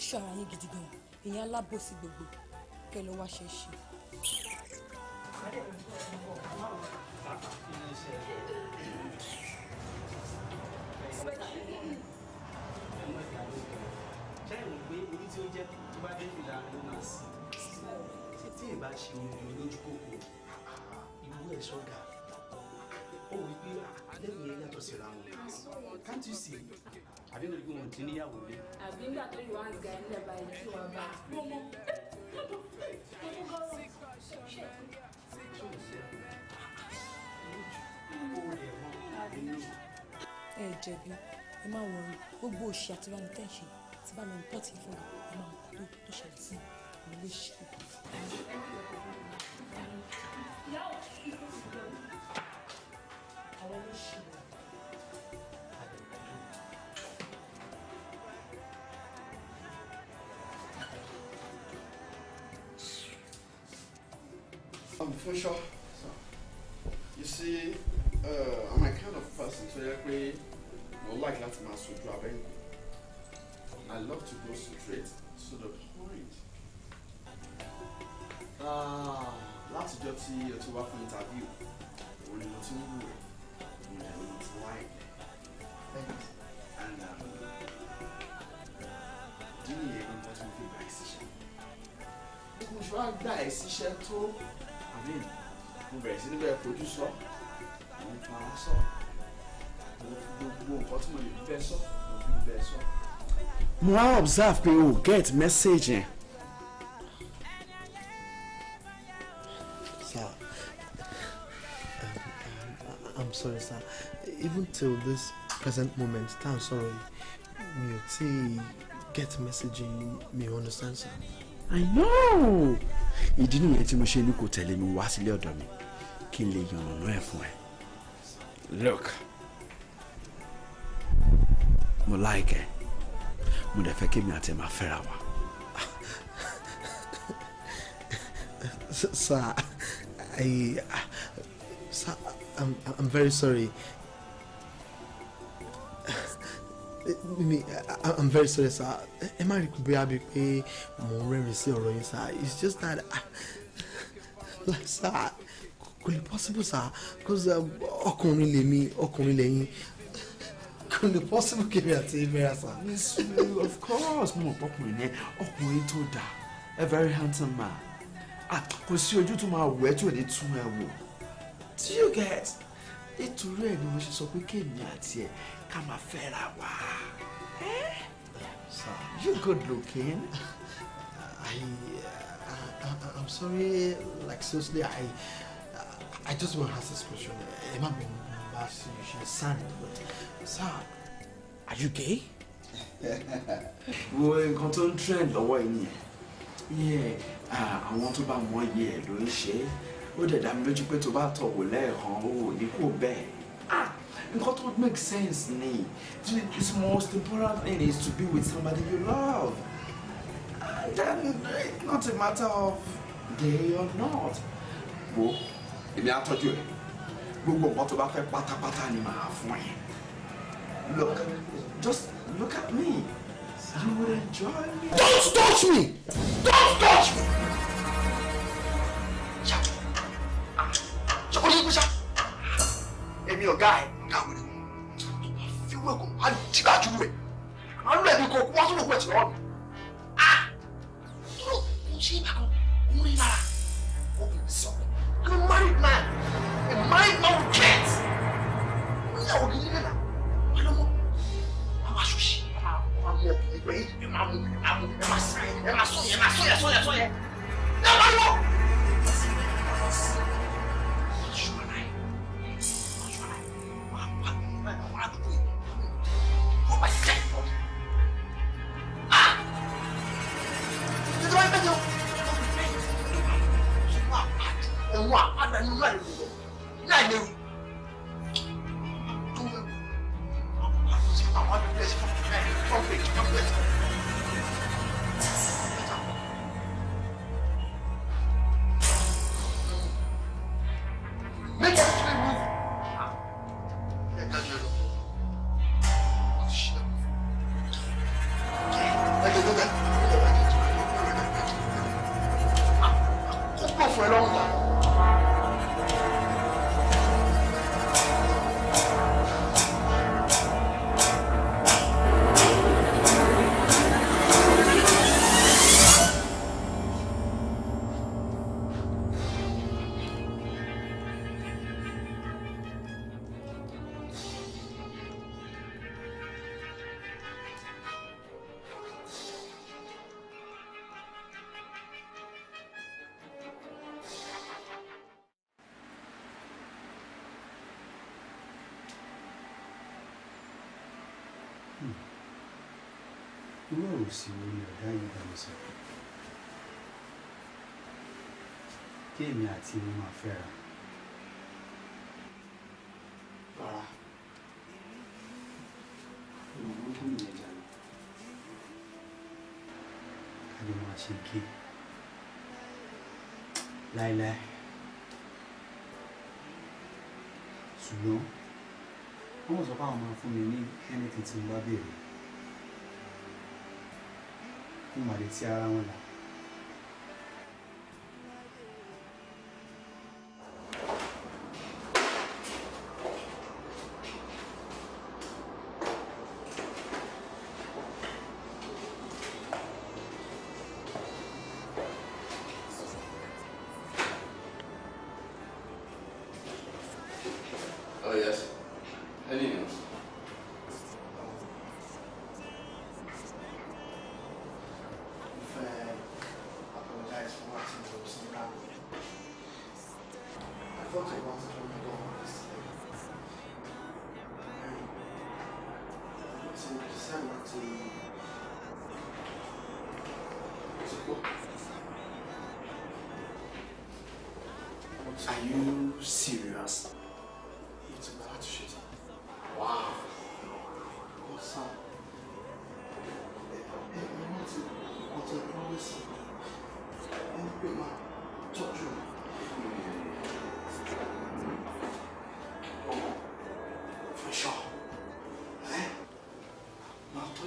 ṣàrà yín gidi gan ìyẹn alábòsí gbogbo kẹ lọ wá ṣe ṣe. ṣé ìwọ̀n orí tí ó jẹ́ tó bá dé fìlà ló máa sí ṣé tí ìbá ṣe omi lójú kòkó ìlú ẹ̀ ṣọ́gà ó wí pé ah, lẹ́yìn ẹ̀ yàtọ̀ síra wọn can't you see àbí nítorí pé wọn ti níyàwó lé. àbí nígbà tó yọ wáǹsì gàá nílẹ̀ báyìí tí wọ́n bá mọ́ mọ́ ẹ jẹ̀bi ẹ má wọrí gbogbo òṣì àti rani tẹ́ ń tí bá lọ ń pọ́tì fọ́lọ́ ẹ máa kó tó tó ṣẹlẹ̀ sí i ló ṣe. àwọn olóṣèlú. I'm for sure. You see, uh, I'm a kind of person to help No like that man so driving. I love to go straight to the point. Ah, láti jọ́ tí o ti wá fún interview, òun ni mo ti ń wù ẹ́, òun ni mo ti wá ẹ̀. And um, dín nìyẹn ni mo ti fi gbà ẹ́ síṣẹ́. Gbogbo a àgbà ẹ́ síṣẹ́ tó mo bẹ̀rẹ̀ sí níbẹ̀ fojú sọ mo ń fara sọ mo fi gbogbo nǹkan tí mo lè fẹ́ sọ mo fi bẹ́ẹ̀ sọ. mo wá observe pé o get message yẹn. sir um, um, i'm sorry sir even till this present moment I'm sorry. You see, get messaging. yìí understand sir. i know ìdí nìyẹn tí mo ṣe ní kò tẹ̀lé mi wá sílé ọ̀dọ̀ mi kí n lè yànnàná ẹ̀ fún ẹ. look mo like mo dẹ̀ fẹ́ kí mi àti ẹ máa fẹ́ra wa. sir i sir i'm i'm very sorry Mimi, I'm very sorry, sir. Am I rí bóyá bíi pé mò ń rẹ́rìn sí sir. It's just that, ah, like, sir, kò lè possible, sir. Because um, ọkùnrin lèmi, ọkùnrin lẹ́yìn. Kò lè possible kèmi àti Mẹ́ra, sir. Of course, mo mọ̀ pọ́kùnrin yẹn, ọkùnrin tó dáa, a very handsome man. Kò sí ojú tó máa wẹ̀ tí ò ní tún ẹ wò. Do you get? Nítorí ẹ̀ ni mo ṣe sọ pé kéèmí àti ẹ̀ ká máa fẹ́ra wa. Sir, you good looking. I, uh, I, I'm sorry, like seriously, I, I just want to ask this question. It might be embarrassing, you should sign but sir, are you gay? Wo nǹkan tó ń trend lọ́wọ́ yìí yẹn. Ah, àwọn tó bá mọ iye ẹ̀ ló ń ṣe é. Ó dẹ̀ dá mi lójú pé tó bá tọ̀wò lẹ́ẹ̀kan, ó ò ní kó bẹ́ẹ̀. Ah! nǹkan tó make sense ni the most important thing is to be with somebody you love and then it's not a matter of gay or not. wo I told you, we gbogbo nǹkan tó bá fẹ́ pátápátá ni màá fún ẹ look just look at me you will enjoy me. don't touch me don't touch me. ṣàkóso ìgbésà èmi ọ̀gá ẹ̀ káwèrè fíwẹ̀ kò wá dìbàjú rẹ̀ màá lọ ẹ̀mí kò wá tó lọ kú ẹ̀ tì lọ́wọ́ mi. a yóò kú sí ìbàkan mú sọ I'm married man a married man with kids mo níyàwó gidi nílẹ̀ wà lọ́mọ wà wá ṣọ́ṣì wà mú ọkùnrin pé ẹ máa mú ẹ máa mú ẹ máa sọ ẹ máa sọ yẹ ẹ ẹ máa lọ. náà ò sí orí ọ̀dá yìí bá mi sọ̀rọ̀ kí èmi àti mo máa fẹ́ra. rárá ìwọ burúkú nìyẹn jáde. kájọ máa ṣe gé láéláé ṣùgbọ́n wọ́n sọ pé àwọn como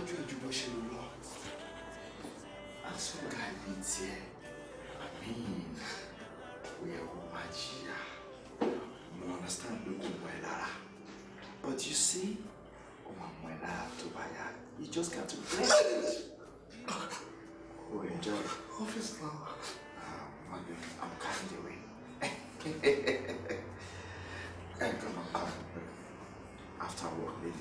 tọ́jú ẹ̀ bó ṣe lọ. Asúgà mi tiẹ̀, àmín, ó yẹ kó máa jìyà. Mo understand ló kò mọ ẹ lára. But you see, ó máa mọ ẹ lára tó bá yá. You just got to bless it. Oh, enjoy Office now. Um, I'm carried away. Hey, come on, come After work, lady.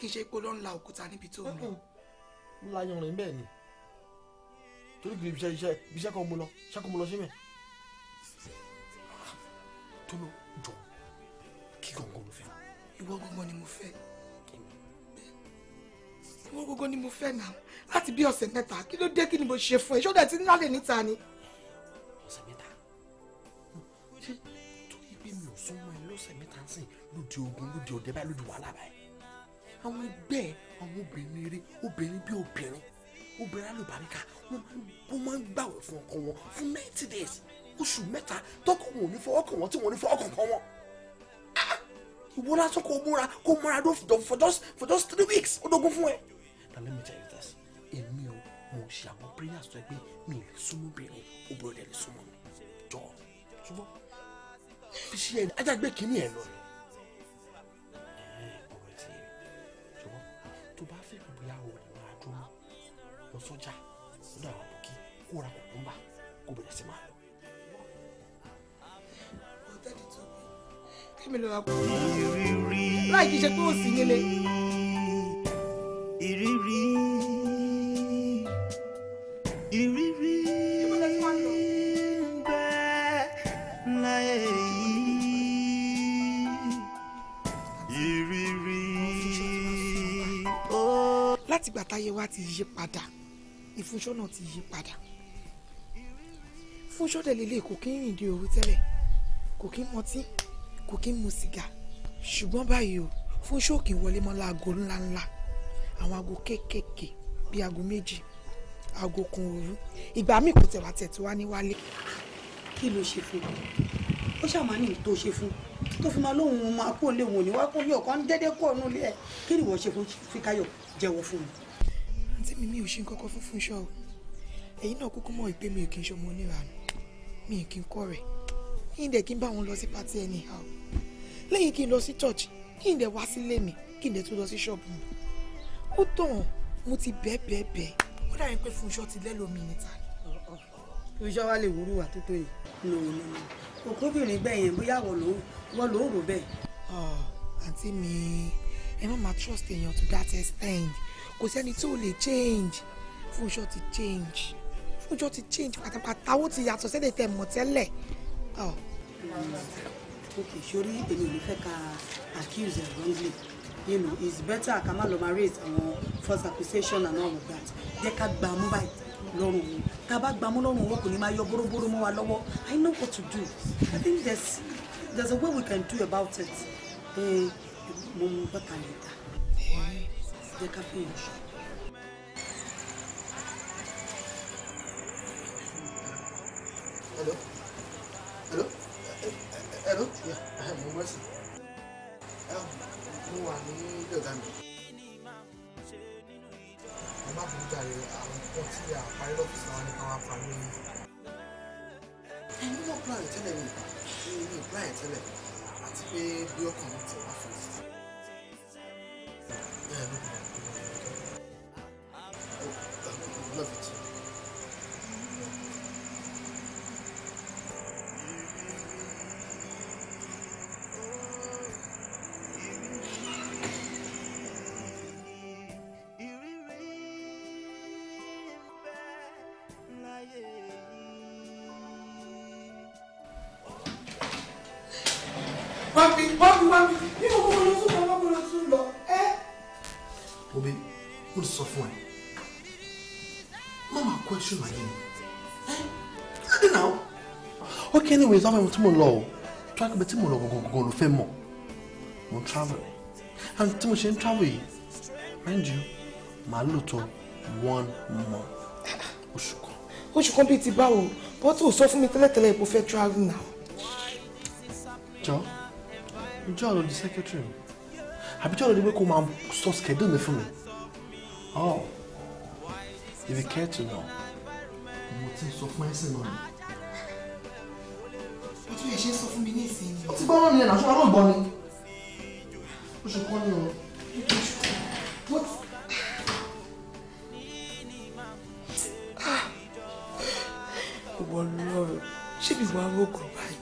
kì í ṣe pé ló ń la òkúta níbi tó ń lọ. mo la yanrìn bẹ́ẹ̀ ni torí kìí iṣẹ́ iṣẹ́ iṣẹ́ kan mo lọ iṣẹ́ kan mo lọ sí mẹ́. tó ló jọ kí gbọ̀ngàn ló fẹ́. ìwọ gbọ̀ngàn ni mo fẹ́ ìwọ gbọ̀ngàn ni mo fẹ́ náà láti bí ọ̀sẹ̀ mẹ́ta kí ló dé kí ni mo ṣe fún ẹ ṣọ́dọ̀ ẹ ń lálẹ́ níta ni. ọ̀sẹ̀ mẹ́ta ṣé torí pé mi ò sún mọ́ ẹ lọ́sẹ̀ mẹ́ta sìn lóde ogun lóde ọ̀dẹ́ báyìí lóde wàhálà báyìí obìnrin eré obìnrin bí obìnrin obìnrin alùbáríkà wọ́n máa ń gbàwẹ̀ fún ọkọ wọn fún ninety days oṣù mẹ́ta tọkọ wọn ò ní fọwọ́ kàn wọ́n tí wọ́n ní fọwọ́ kàn kàn wọ́n ah, ìwọ lásán kò múra kò múra dó for just for just three weeks ó dógún fún ẹ. na let me tell you this èmi o mo ṣe àwọn prayers tó ẹ pé mi ò lè súnmọ́ obìnrin obìnrin ò lè súnmọ́ mi jọ ṣùgbọ́n fi ṣe ẹ ajá gbé kínní ẹ lọ rẹ. lọ sọ́jà lọ́dọ̀ àwọn bòkí kó ra kùkúmbà kó bẹ̀rẹ̀ sí máa lọ. kẹ́mi ló wá kú. ìrírí láì kí ṣe pé ó sì nílé. ìrírí ìrírí ń bẹ láyé yìí ìrírí. látìgbà táyé wa ti yí padà ìfúnṣọ́nà ti yí padà fúnṣọ́dẹ̀ lélẹ̀ kò kí ń rìn dé òru tẹ́lẹ̀ kò kí ń mọtí kò kí ń mu sìgá ṣùgbọ́n báyìí o fúnṣọ́ òkè wọlé mọ́ láago ńláńlá àwọn aago kéékèèké bíi aago méjì aago kan òru ìgbà míì kò tẹ̀wá tẹ̀ tó wá ní wálé. kí ló ṣe fún un ó ṣàmà ní ìtò ṣe fún tó fi máa lóhùn máa kó léwu òní wá kó ní ọ̀kan déédéé kó ọ̀nù ilé ẹ̀ kí ni ìwọ ṣe fún Fíkáyọ̀ jẹ́wọ́ fún mi àǹtí mi mi ò ṣe nǹkan fún Fúnṣọ́ o ẹ̀yin náà kúkú mọ̀ pé mi ò kí n ṣọmọ oníranù mi ò kí n kọ́ rẹ̀ kí n dẹ̀ kí n bá wọn lọ sí pátí anyhow lẹ́yìn kí n lọ sí church kí n dẹ̀ wá sílé mi kí n dẹ̀ tún lọ sí ṣọ́ọ̀bù mi ó tàn mo ti bẹ́ẹ̀ bẹ́ẹ̀ bẹ́ẹ̀ ó dàbí pé Fúnṣọ́ ti lẹ́lòmíì níta ni wa lè wúrú wà tó tó yìí. lòun ni òkúbìnrin bẹ́ẹ̀ yẹn bóyá wọ́n lòun wọ́n rò bẹ́ẹ̀. Ah, àǹtí mi ẹ má máa trust èèyàn to that extent kò sẹ́ni tí ò lè change Fúnṣọ́ ti change Fúnṣọ́ ti change pátápátá ó ti yàtọ̀ sẹ́ni tẹ̀ mọ̀ tẹ́lẹ̀. Oh. ok sori èmi ò ní fẹ́ ka accuse ẹ̀ wrongly you know it's better ká má lọ máa raise àwọn false accusation and all of that jẹ́ ká gbà mú báyìí lọ́rùn wọn tá a bá gbà mú lọ́rùn kò ní máa yọ bóróbóró mọ́ wa lọ́wọ́ i know what to do i think there's there's a way we can do about it. Eh, mo mú bàtà lè dá jẹ́ káfíìn hello hello hello yeah mo mọ̀ sí mo wà ní ilé ọ̀gá mi ẹ má fún jàre àwọn nǹkan tí àparí lọ́fíìsì wa ní káwá pa mí. ẹni náà plan tẹ́lẹ̀ mi ṣe ní plan tẹ́lẹ̀ àti pé bí ọkàn mi ti wá fún mi. bẹ́ẹ̀ ló kọ́. Oh, I love it. dábàá ibi tí mo lọ o tó àgbẹ̀ tí mo lọ gọ̀gọ̀gọ̀ ló fẹ́ mọ̀ mo ń travel and tí mo ṣe ń travel yìí mind you màá lò tó one month oṣù kan. oṣù kan bíi ti báwo bọ́ tó sọ fún mi tẹ́lẹ̀tẹ́lẹ̀ ipò fẹ́ travel now. jọ ìjọ ọ̀rọ̀ di secretary mi àbíjọ́ ọ̀rọ̀ ni pé kó máa sọ schedule mi fún mi. oh if you care to know mo ti sọ fún ẹ sí náà o tún lè ṣe sọ fún mi ní ìsinyìí. ó ti gbọ́ náà nìyẹn náà ṣọ́ra ló ń bọ ni. ó ṣe kọ́ ni o. what. Ah. ìwọ ló rọrùn ṣé ìwà báyìí.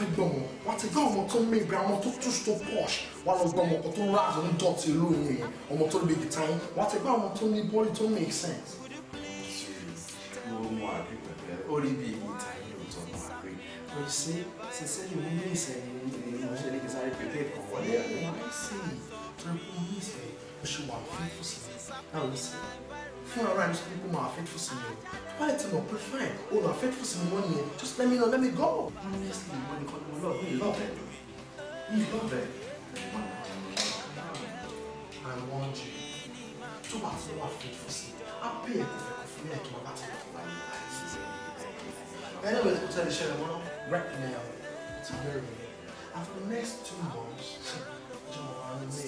fẹ́ gbé ọmọ wọ́n ti gbé ọmọ tó ń mìíràn ọmọ tó tún tó pọ̀ṣ wọ́n lọ gbé ọmọ kan tó ń rà tó ń dọ̀tí lónìí yẹn ọmọ tó lè gìtá yín wọ́n ti gbé ọmọ tó ní bọ́ọ̀lì tó make sense. mo mọ àbí pẹ̀lẹ́ ó rí bí ìta yín ló tọ́ mọ́ àbí kò sí ṣiṣẹ́ yìí mo ní ìsẹ̀yìn ní mo ṣe ní kí sáré pẹ̀lẹ́ kan wọlé ẹ̀ fún ara mi sọ pé faithful sí mi o báyìí tí fine o oh, máa faithful sí mi wọ́n nìyẹn just let me know let me go. honestly wọ́n ní kọ́ni wọ́n lọ́ọ̀bù yìí lọ́ọ̀bù yìí lọ́ọ̀bù I want you tó bá fún wa faithful sí mi á pè é kò fẹ́ kò fún mi ẹ̀kí wọn bá ti kọ́ wáyé láìsí. anyway kò tẹ́lẹ̀ ṣẹlẹ̀ mọ́ná right now to bury me and for the next two months jọ̀wọ́ àwọn ilé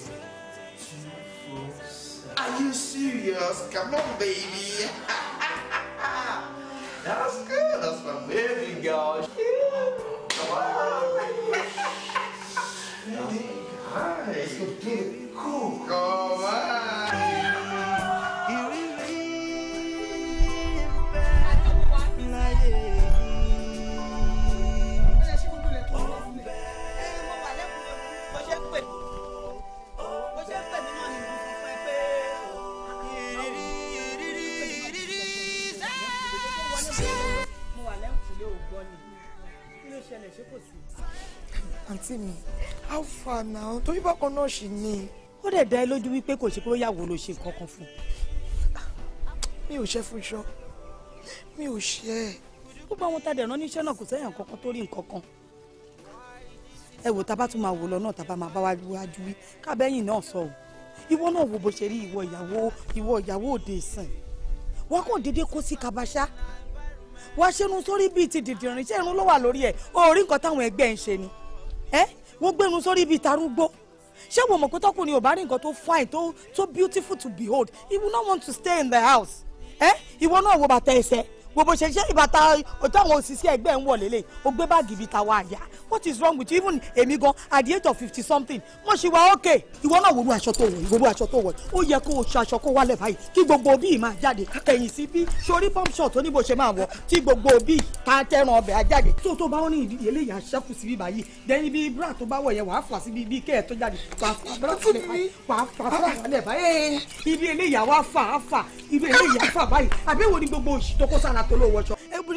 Are you serious? Come on, baby. That's good. That's my baby girl. Come on. Let's go get it. Cool. Come on. àǹtí mi á fà náà torí bákan náà ṣì ni. ó dẹ̀ dá ẹ lójú wípé kò ṣe pé ó yàwó ló ṣe nǹkan kan fún un. mi ò ṣe fún iṣọ mi ò ṣe ẹ. gbogbo àwọn tàdé rán níṣẹ́ náà kò sẹ́yìn kankan tó rí nǹkan kan. ẹ wò tá a bá tún máa wò lọ náà tá a bá máa bá wájú wí kábẹ́yìn náà sọ o ìwọ náà wo bó ṣe rí ìwọ ìyàwó ìwọ ìyàwó òde ìsìn wọn kàn déédéé kó sí kabasa wàá ṣerun sórí bíi ti dìdìrín ṣé irun ló wà lórí ẹ̀ orí nǹkan táwọn ẹgbẹ́ ń ṣe ni ẹ wọ́n gbé irun sórí bíi tarúgbó ṣé wọ́n mọ̀ pé tọkùnrin ò bá rí nǹkan tó fine tó tó beautiful to behold he will not want to stay in the house ẹ ìwọ náà wo bàtà ẹsẹ̀ gbogbo ṣe ṣe ìbàtà táwọn òṣìṣẹ́ ẹgbẹ́ ń wọ̀ lélẹ̀ o gbé báàgì bíi tàwa àyà what is wrong with you even èmi gan at the age of fifty something mo ṣì wà okay. ìwọ náà wòlú aṣọ tó wọ̀ ìwòlú aṣọ tó wọ̀ ó yẹ kó o ṣe aṣọ kó wálẹ̀ báyìí kí gbogbo òbí máa jáde kẹ̀yìn sí bí sórí pump shot oníbo ṣe máa wọ̀ tí gbogbo òbí ta tẹran ọbẹ̀ ajáde tó tó bá wọn ní ìdíyelé yà ṣẹ́kù síbí báyìí dẹ́ni bí bra tó bá wọ̀ yẹn wàá fà síbi bí kẹ́ ẹ̀ tó jáde wàá fà bra sílẹ̀ báyìí wàá fà bra sílẹ̀ báyìí ibi eléyà ni gbogbo òṣì tó tó ló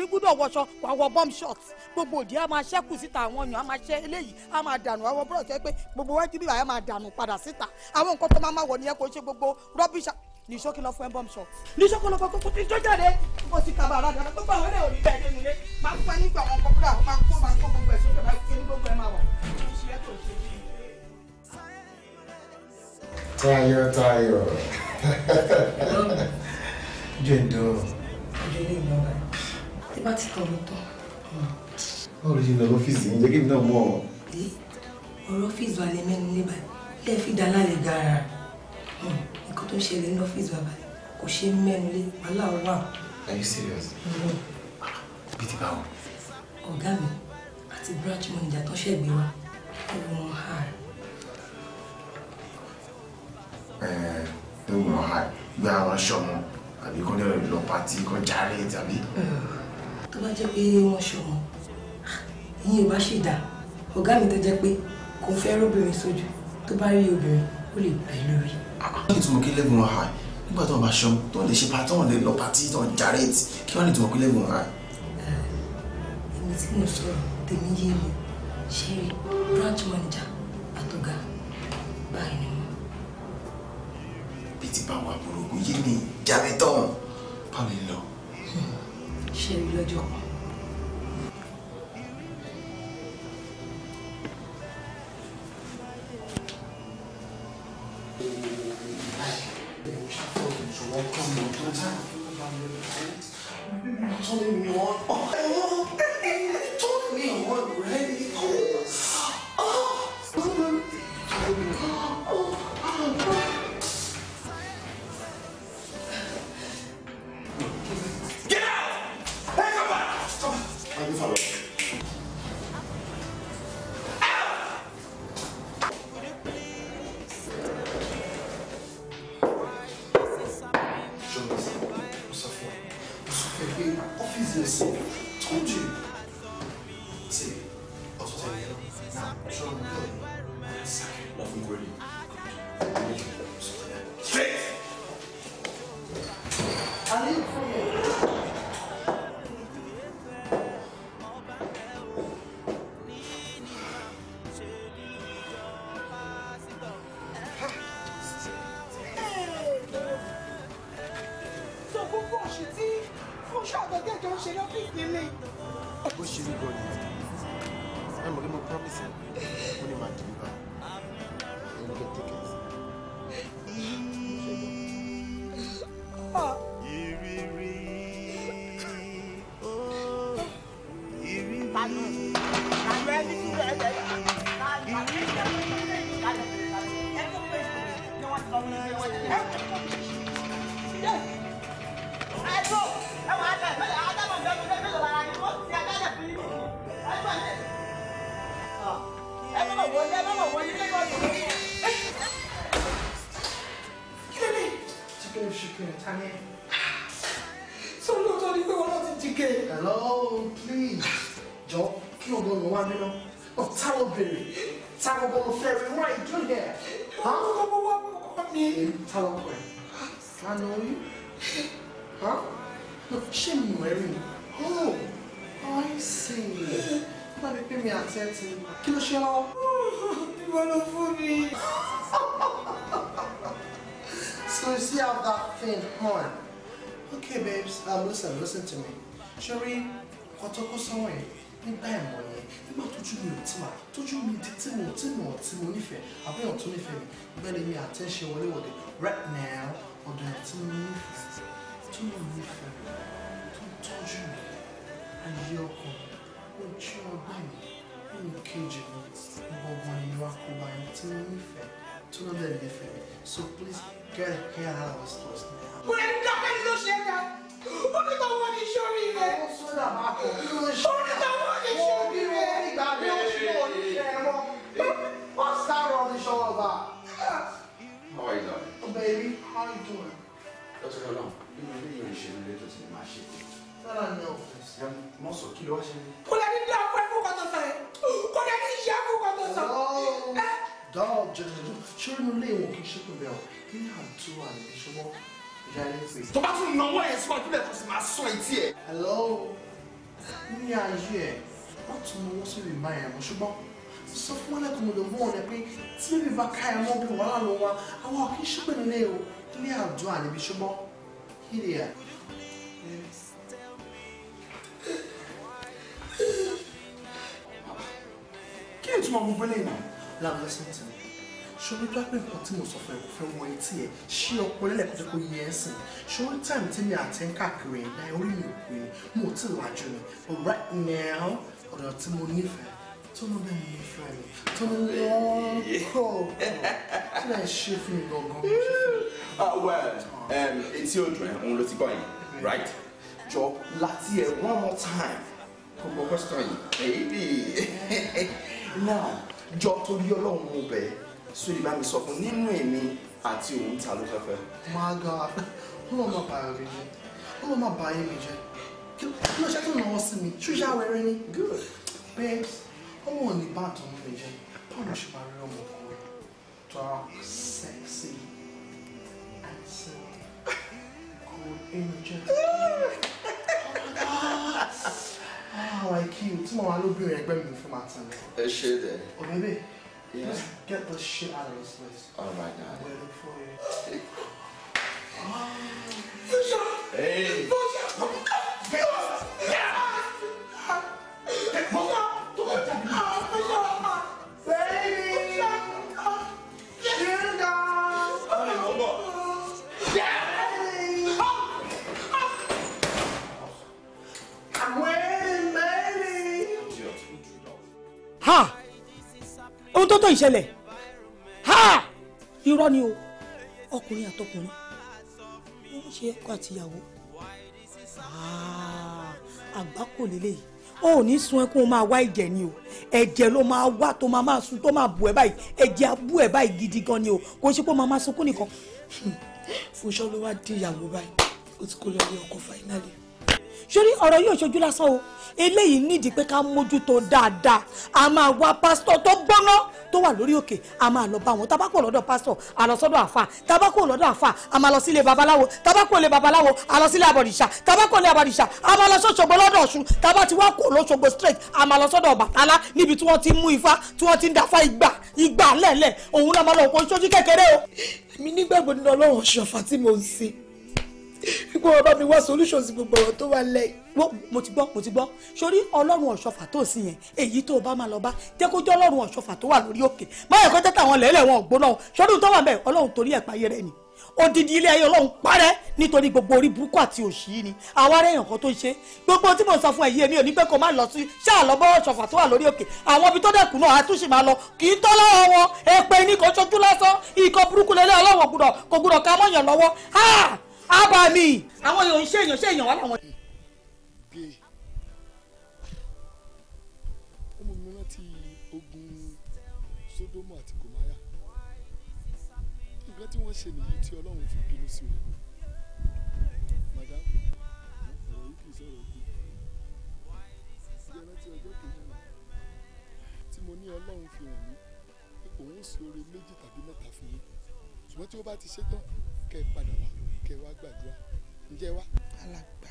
gbúdọ̀ wọṣọ wà wọ bomb shot gbogbo òdì á máa ṣẹ́kù síta àwọn ọyàn á máa ṣẹ́ eléyìí á máa dànù àwọn búrọ̀ ṣẹ́ pé gbogbo wájú bíbá á máa dànù padà síta àwọn nǹkan tó máa máa wọ̀ nìyẹn kò ṣe gbogbo rọ́bìṣà ní sọ́kì lọ fún ẹ bomb shot ní sọ́kì lọ fún ẹ tó jáde ó ti kaba ara dàda gbogbo àwọn ènìyàn ò ní bẹ́ẹ̀ dénú lé máa ń pẹ́ nígbà wọn kọ́kúrà máa ń kó máa ń kó gbogbo ẹ̀ sókè máa ń kí ní gbogbo ẹ̀ máa wà. Tayo, Tayo. Jendo ju ilé ìlọ rẹ̀ tí bá ti tọ̀rọ̀ tán. báwo ló ṣe lọ lọ́fíìsì yín jẹ́ kí èmi náà mọ̀ ọ́. ọ̀rọ̀ ọ́fíìsì wa lè mẹ́nu lé báyìí lè fi dá lálẹ́ gara hm, nǹkan tó ń ṣẹlẹ̀ ní ọ́fíìsì wa báyìí kò ṣe mẹ́nu lé wàhálà wà. are you serious? Hm. bí ti bá wọn. ọ̀gá mi àti branch manager tó ṣẹ̀gbẹ́ wa ẹ̀rù wọn hà. ẹ̀ẹ́d tó wọ́n hà gbé àwọn aṣọ wọn àbí kọ́ lọ lọ pàtí kọ́ járe tàbí. tó bá jẹ́ pé wọ́n ṣọ̀wọ́n ah, ìyẹn ò bá ṣì dá ọ̀gá mi tó jẹ́ pé kò fẹ́ róbìnrin sójú tó bá rí obìnrin ó lè bẹ̀ lórí. Ah, kí ìtumọ̀ kí lẹ́gùn wọn hà nígbà tó ń bá ṣọ́ tó ń lè ṣe pàtó ń lè lọ pàtí tó ń járe kí wọ́n lè ìtumọ̀ kí lẹ́gùn wọn hà. èmi tí mo sọ̀rọ̀ tèmi yé mi ṣe branch manager bá wọn àbúrò ògùn yé mi jáde tán bá lọ. ṣé ìlú ọjọ́ kan tún nífẹ̀ẹ́ mi bẹ́ẹ̀ lèmi àti ẹ̀ ṣe wọléwọ̀de right now ọ̀dọ̀ ẹ̀ tí mo nífẹ̀ẹ́ sí tí mo nífẹ̀ẹ́ mi tó ń tọ́jú mi ayé ọkàn mi ojú ọgbọ́n mi nínú kejì mi gbọ̀ngàn ni wàá kó bá ẹni tí mo nífẹ̀ẹ́ tó ń bẹ̀rẹ̀ nífẹ̀ẹ́ mi so please get a hair out of this house now. wẹ́n dákẹ́ ni ló ṣe é dá ó ní kó wọ́n ní ṣ kí ló wá ṣe. kò lè ní dá fún ẹkú kan tó sọ yẹn kò lè ní ṣe ẹkú kan tó sọ. dáhùn jẹjẹrẹ ṣé inú ilé ìwọ̀n kì í ṣe pẹ̀lú ọ̀ kí ni àtú àlè ṣọwọ́ ìyá ilé pè. tó bá tún náwó ẹ̀ sí wájú lẹ́kọ̀ọ́ sí máa sọ etí ẹ̀. hello ní ayé ẹ̀ wọ́n tún náwó sí rìbá yẹn mọ́ ṣùgbọ́n sọ fún wọn lẹ́kọ̀ọ́ ló mú ọ̀nà pé tí rìbá ká ẹ̀ mọ́ bí wàhálà ló wá àwọn kì í ṣe pẹ̀lú ilé o ní àdúrà níbi ṣùgbọ́n kí ni ẹ̀. kí ni ìtumọ̀ gbogbo eléyìí náà. láàrín lọ́sìn tí ṣorí tó pé nǹkan tí mo sọ fún ẹ kò fẹ́ wọ etí ẹ ṣí ọpọlọ lẹ́kọ̀ọ́ tó yẹ ẹ sìn ṣorí táìmù tí mi àti ń káàkiri ẹ̀ náà orí mi ò pè é mo ò tí ì lajú ni but right now ọ̀dọ̀ tí mo nífẹ̀ẹ́ tó ló bẹ́ẹ̀ mi nífẹ̀ẹ́ mi tó ló lọ́ọ́ kọ̀ ọ́ ṣe fún mi gangan. Ah, well um, etí odò ẹ̀ òun ló ti gbọ́ yẹn right jọ láti ẹ̀ one more time gbogbo question yìí èyí now jọ torí ọlọ́run mo bẹ̀ So sórí bá mi sọ fún nínú èmi àti òun ta ló fẹ́ fẹ́. máa ga ọlọ́run máa bá ẹ̀rí jẹ ọlọ́run máa bá ẹ̀rí jẹ kí ló ṣe tó náwó sí mi ṣúṣà wẹrẹ ni. good babes ọmọ ò ní bá àtọ̀nù mi jẹ báwo ṣe máa rí ọmọ ọkùnrin tó a sexy and so good energy. Oh, I came. Tomorrow I will look good a Gremlin for my time. It should then. Oh, baby. Yeah. Just get the shit out of this place. All right, now. We're looking for you. oh. Fisher! Hey! Fisher! Baby! Sugar! ha ohun tó tó ìṣẹ̀lẹ̀ ha irọ́ ni o ọkùnrin àtọkùnrin wọ́n ṣe ẹ̀kọ́ àtìyàwó ah! àgbákò lélẹ́yìí o ò ní sun ẹkún máa wá ẹ̀jẹ̀ ni o ẹ̀jẹ̀ ló máa wá tó máa máa sun tó máa bù ẹ́ báyìí ẹ̀jẹ̀ abú ẹ́ báyìí gidi gan ni o kò ṣe pé o máa máa sunkún nìkan. Fúnṣọ́ ló wá di ìyàwó báyìí ó ti kó lọ ilé ọkọ fáínàlì sórí ọ̀rọ̀ yóò ṣojú lásán o eléyìí nídìí pé ká mójútó dáadáa a máa wá pásítọ̀ tó gbóná tó wà lórí òkè a máa lọ bá wọn tabako lọ́dọ̀ pásítọ̀ àlọ́sọ́dọ̀ àfà tabako lọ́dọ̀ àfà a máa lọ sílé babaláwo tabako lé babaláwo àlọ́sílé abọ̀rìṣà tabako lé abọ̀rìṣà a máa lọ sọ́ṣogbo lọ́dọ̀ ọ̀ṣun taba ti wá kó lọ́ṣogbo straight a máa lọ sọ́dọ̀ ọ̀bàtálá níbi tí wọ́n ti mú ifá tí wọ́n ti ń dafa ìgbà ìgbà lẹ́lẹ̀ òun náà máa lọ kó sójú kékeré o. mi nígbàgbọ́ nínú ọlọ́run ọ̀ṣọ́fà tí mo ń sìn kó o bá mi wá solution sí gbogbo ọ̀rọ̀ tó wà lẹ̀. mo ti gbọ́ mo ti gbọ́ sórí ọlọ́run ọ̀ṣọ́fà tó sí yẹn èyí tó o bá máa lọ bá jẹ́ kó jẹ́ ọlọ́run ọ̀ṣọ́fà tó wà lórí òkè má yẹ kó tẹ́tà àwọn lẹ́lẹ̀ wọn ògbóná sórí tó wà bẹ́ẹ̀ ọlọ́run torí ẹ̀ páyé rẹ̀ ni odidi ilé ayé ọlọ́run parẹ́ nítorí gbogbo orí burúkú àti òṣì ni àwa rẹ̀ nǹkan tó ń ṣe gbogbo tí mo sọ fún ẹ̀yí èmi ò ní pẹ́ kó má lọ sí ṣáà lọ bọ́ ṣọ̀fà tó wà lórí òkè àwọn ibi tó dẹ̀kun náà àtúnṣe máa lọ kì í tọ́ lọ́wọ́ wọn èpè ní kò ṣojú lásán ikọ̀ burúkú lélẹ́ ọlọ́run kò gbúdọ̀ kò gbúdọ̀ ká mọ́yàn lọ́wọ́ abami. àwọn èèyàn ṣe èèyàn ṣe èèyàn wà láwọn. ọmọ mi rántí ogun Sódómù àti Gòmáyà nǹkan tí wọ́n ṣe nìyí tí Ọlọ́run fi bínú sí wọn. Ọlọ́run fi hàn mí pé òun sì méjì tàbí mẹ́ta fún mi ṣùgbọ́n tí ó bá ti ṣe tán kẹ́ ẹ padà wá kẹ́ gbàdúrà ǹjẹ́ wá. alàgbà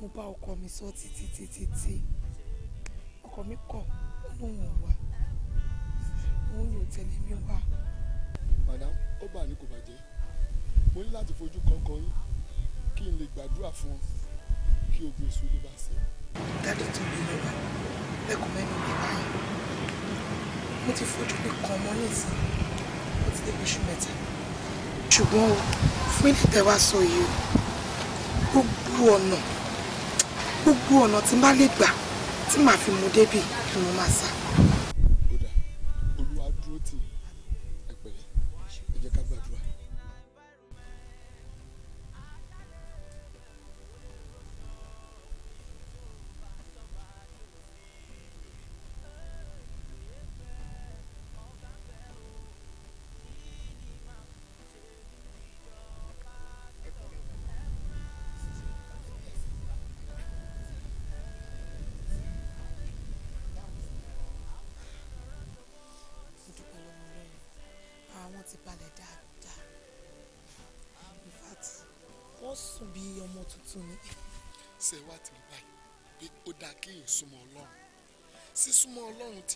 mo bá ọkọ mi sọ títí títí tí ọkọ mi kọ̀ lóhùn wá òun yóò tẹ̀lé mi wá. madam ó bà ní kò bàjẹ́ mo ní láti fojú kankan yín kí n lè gbàdúrà fún ọ kí ogun èso ló bá ṣe. dáàdì tó bí lọ́wọ́ lẹ́kùn mẹ́nu mi báyìí mo ti fojú mi kàn mọ́ nísìnyí ó ti débi oṣù mẹ́ta ṣùgbọ́n o fún ilé tẹ́ wá sọ yìí o gbogbo ọ̀nà gbogbo ọ̀nà tí n bá lè gbà tí màá fi mú débì ni mo máa sá.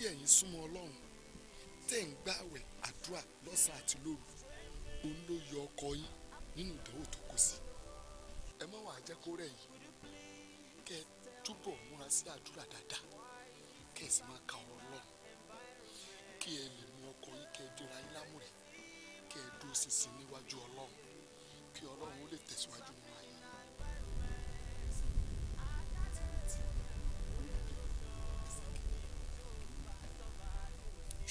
tí ẹ̀yin súnmọ́ ọlọ́run tẹ̀ ń gbààwẹ̀ àdúrà lọ́sàn àti lóru òun ló yọ ọkọ yín nínú ìdánwò tó kó sí ẹ má wàá jẹ́ kó rẹ̀ yìí kẹ́ ẹ túbọ̀ múra sí àdúrà dáadáa kẹ́ ẹ sì máa ka ọ̀rọ̀ ọlọ́run kí ẹ lè mú ọkọ yín kẹ́ ẹ dúra yín lámùrè kẹ́ ẹ dúró ṣinṣin níwájú ọlọ́run kí ọlọ́run ó lè tẹ̀síwájú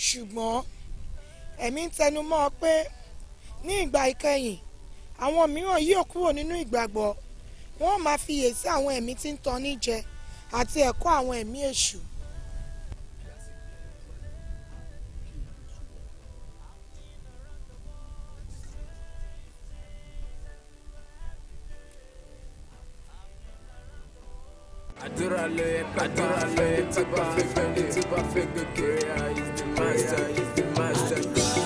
ṣùgbọ́n ẹ̀mí ń tẹnu mọ́ ọ pé ní ìgbà ìkẹyìn àwọn mìíràn yóò kúrò nínú ìgbàgbọ́ wọn máa fiyèsí àwọn ẹ̀mí tí ń tanni jẹ àti ẹ̀kọ́ àwọn ẹ̀mí èṣù àdúrà ló yẹ ká àdúrà ló yẹ ká bá fẹ́ gbé tí bá fẹ́ gbé kiri i is the master is the master.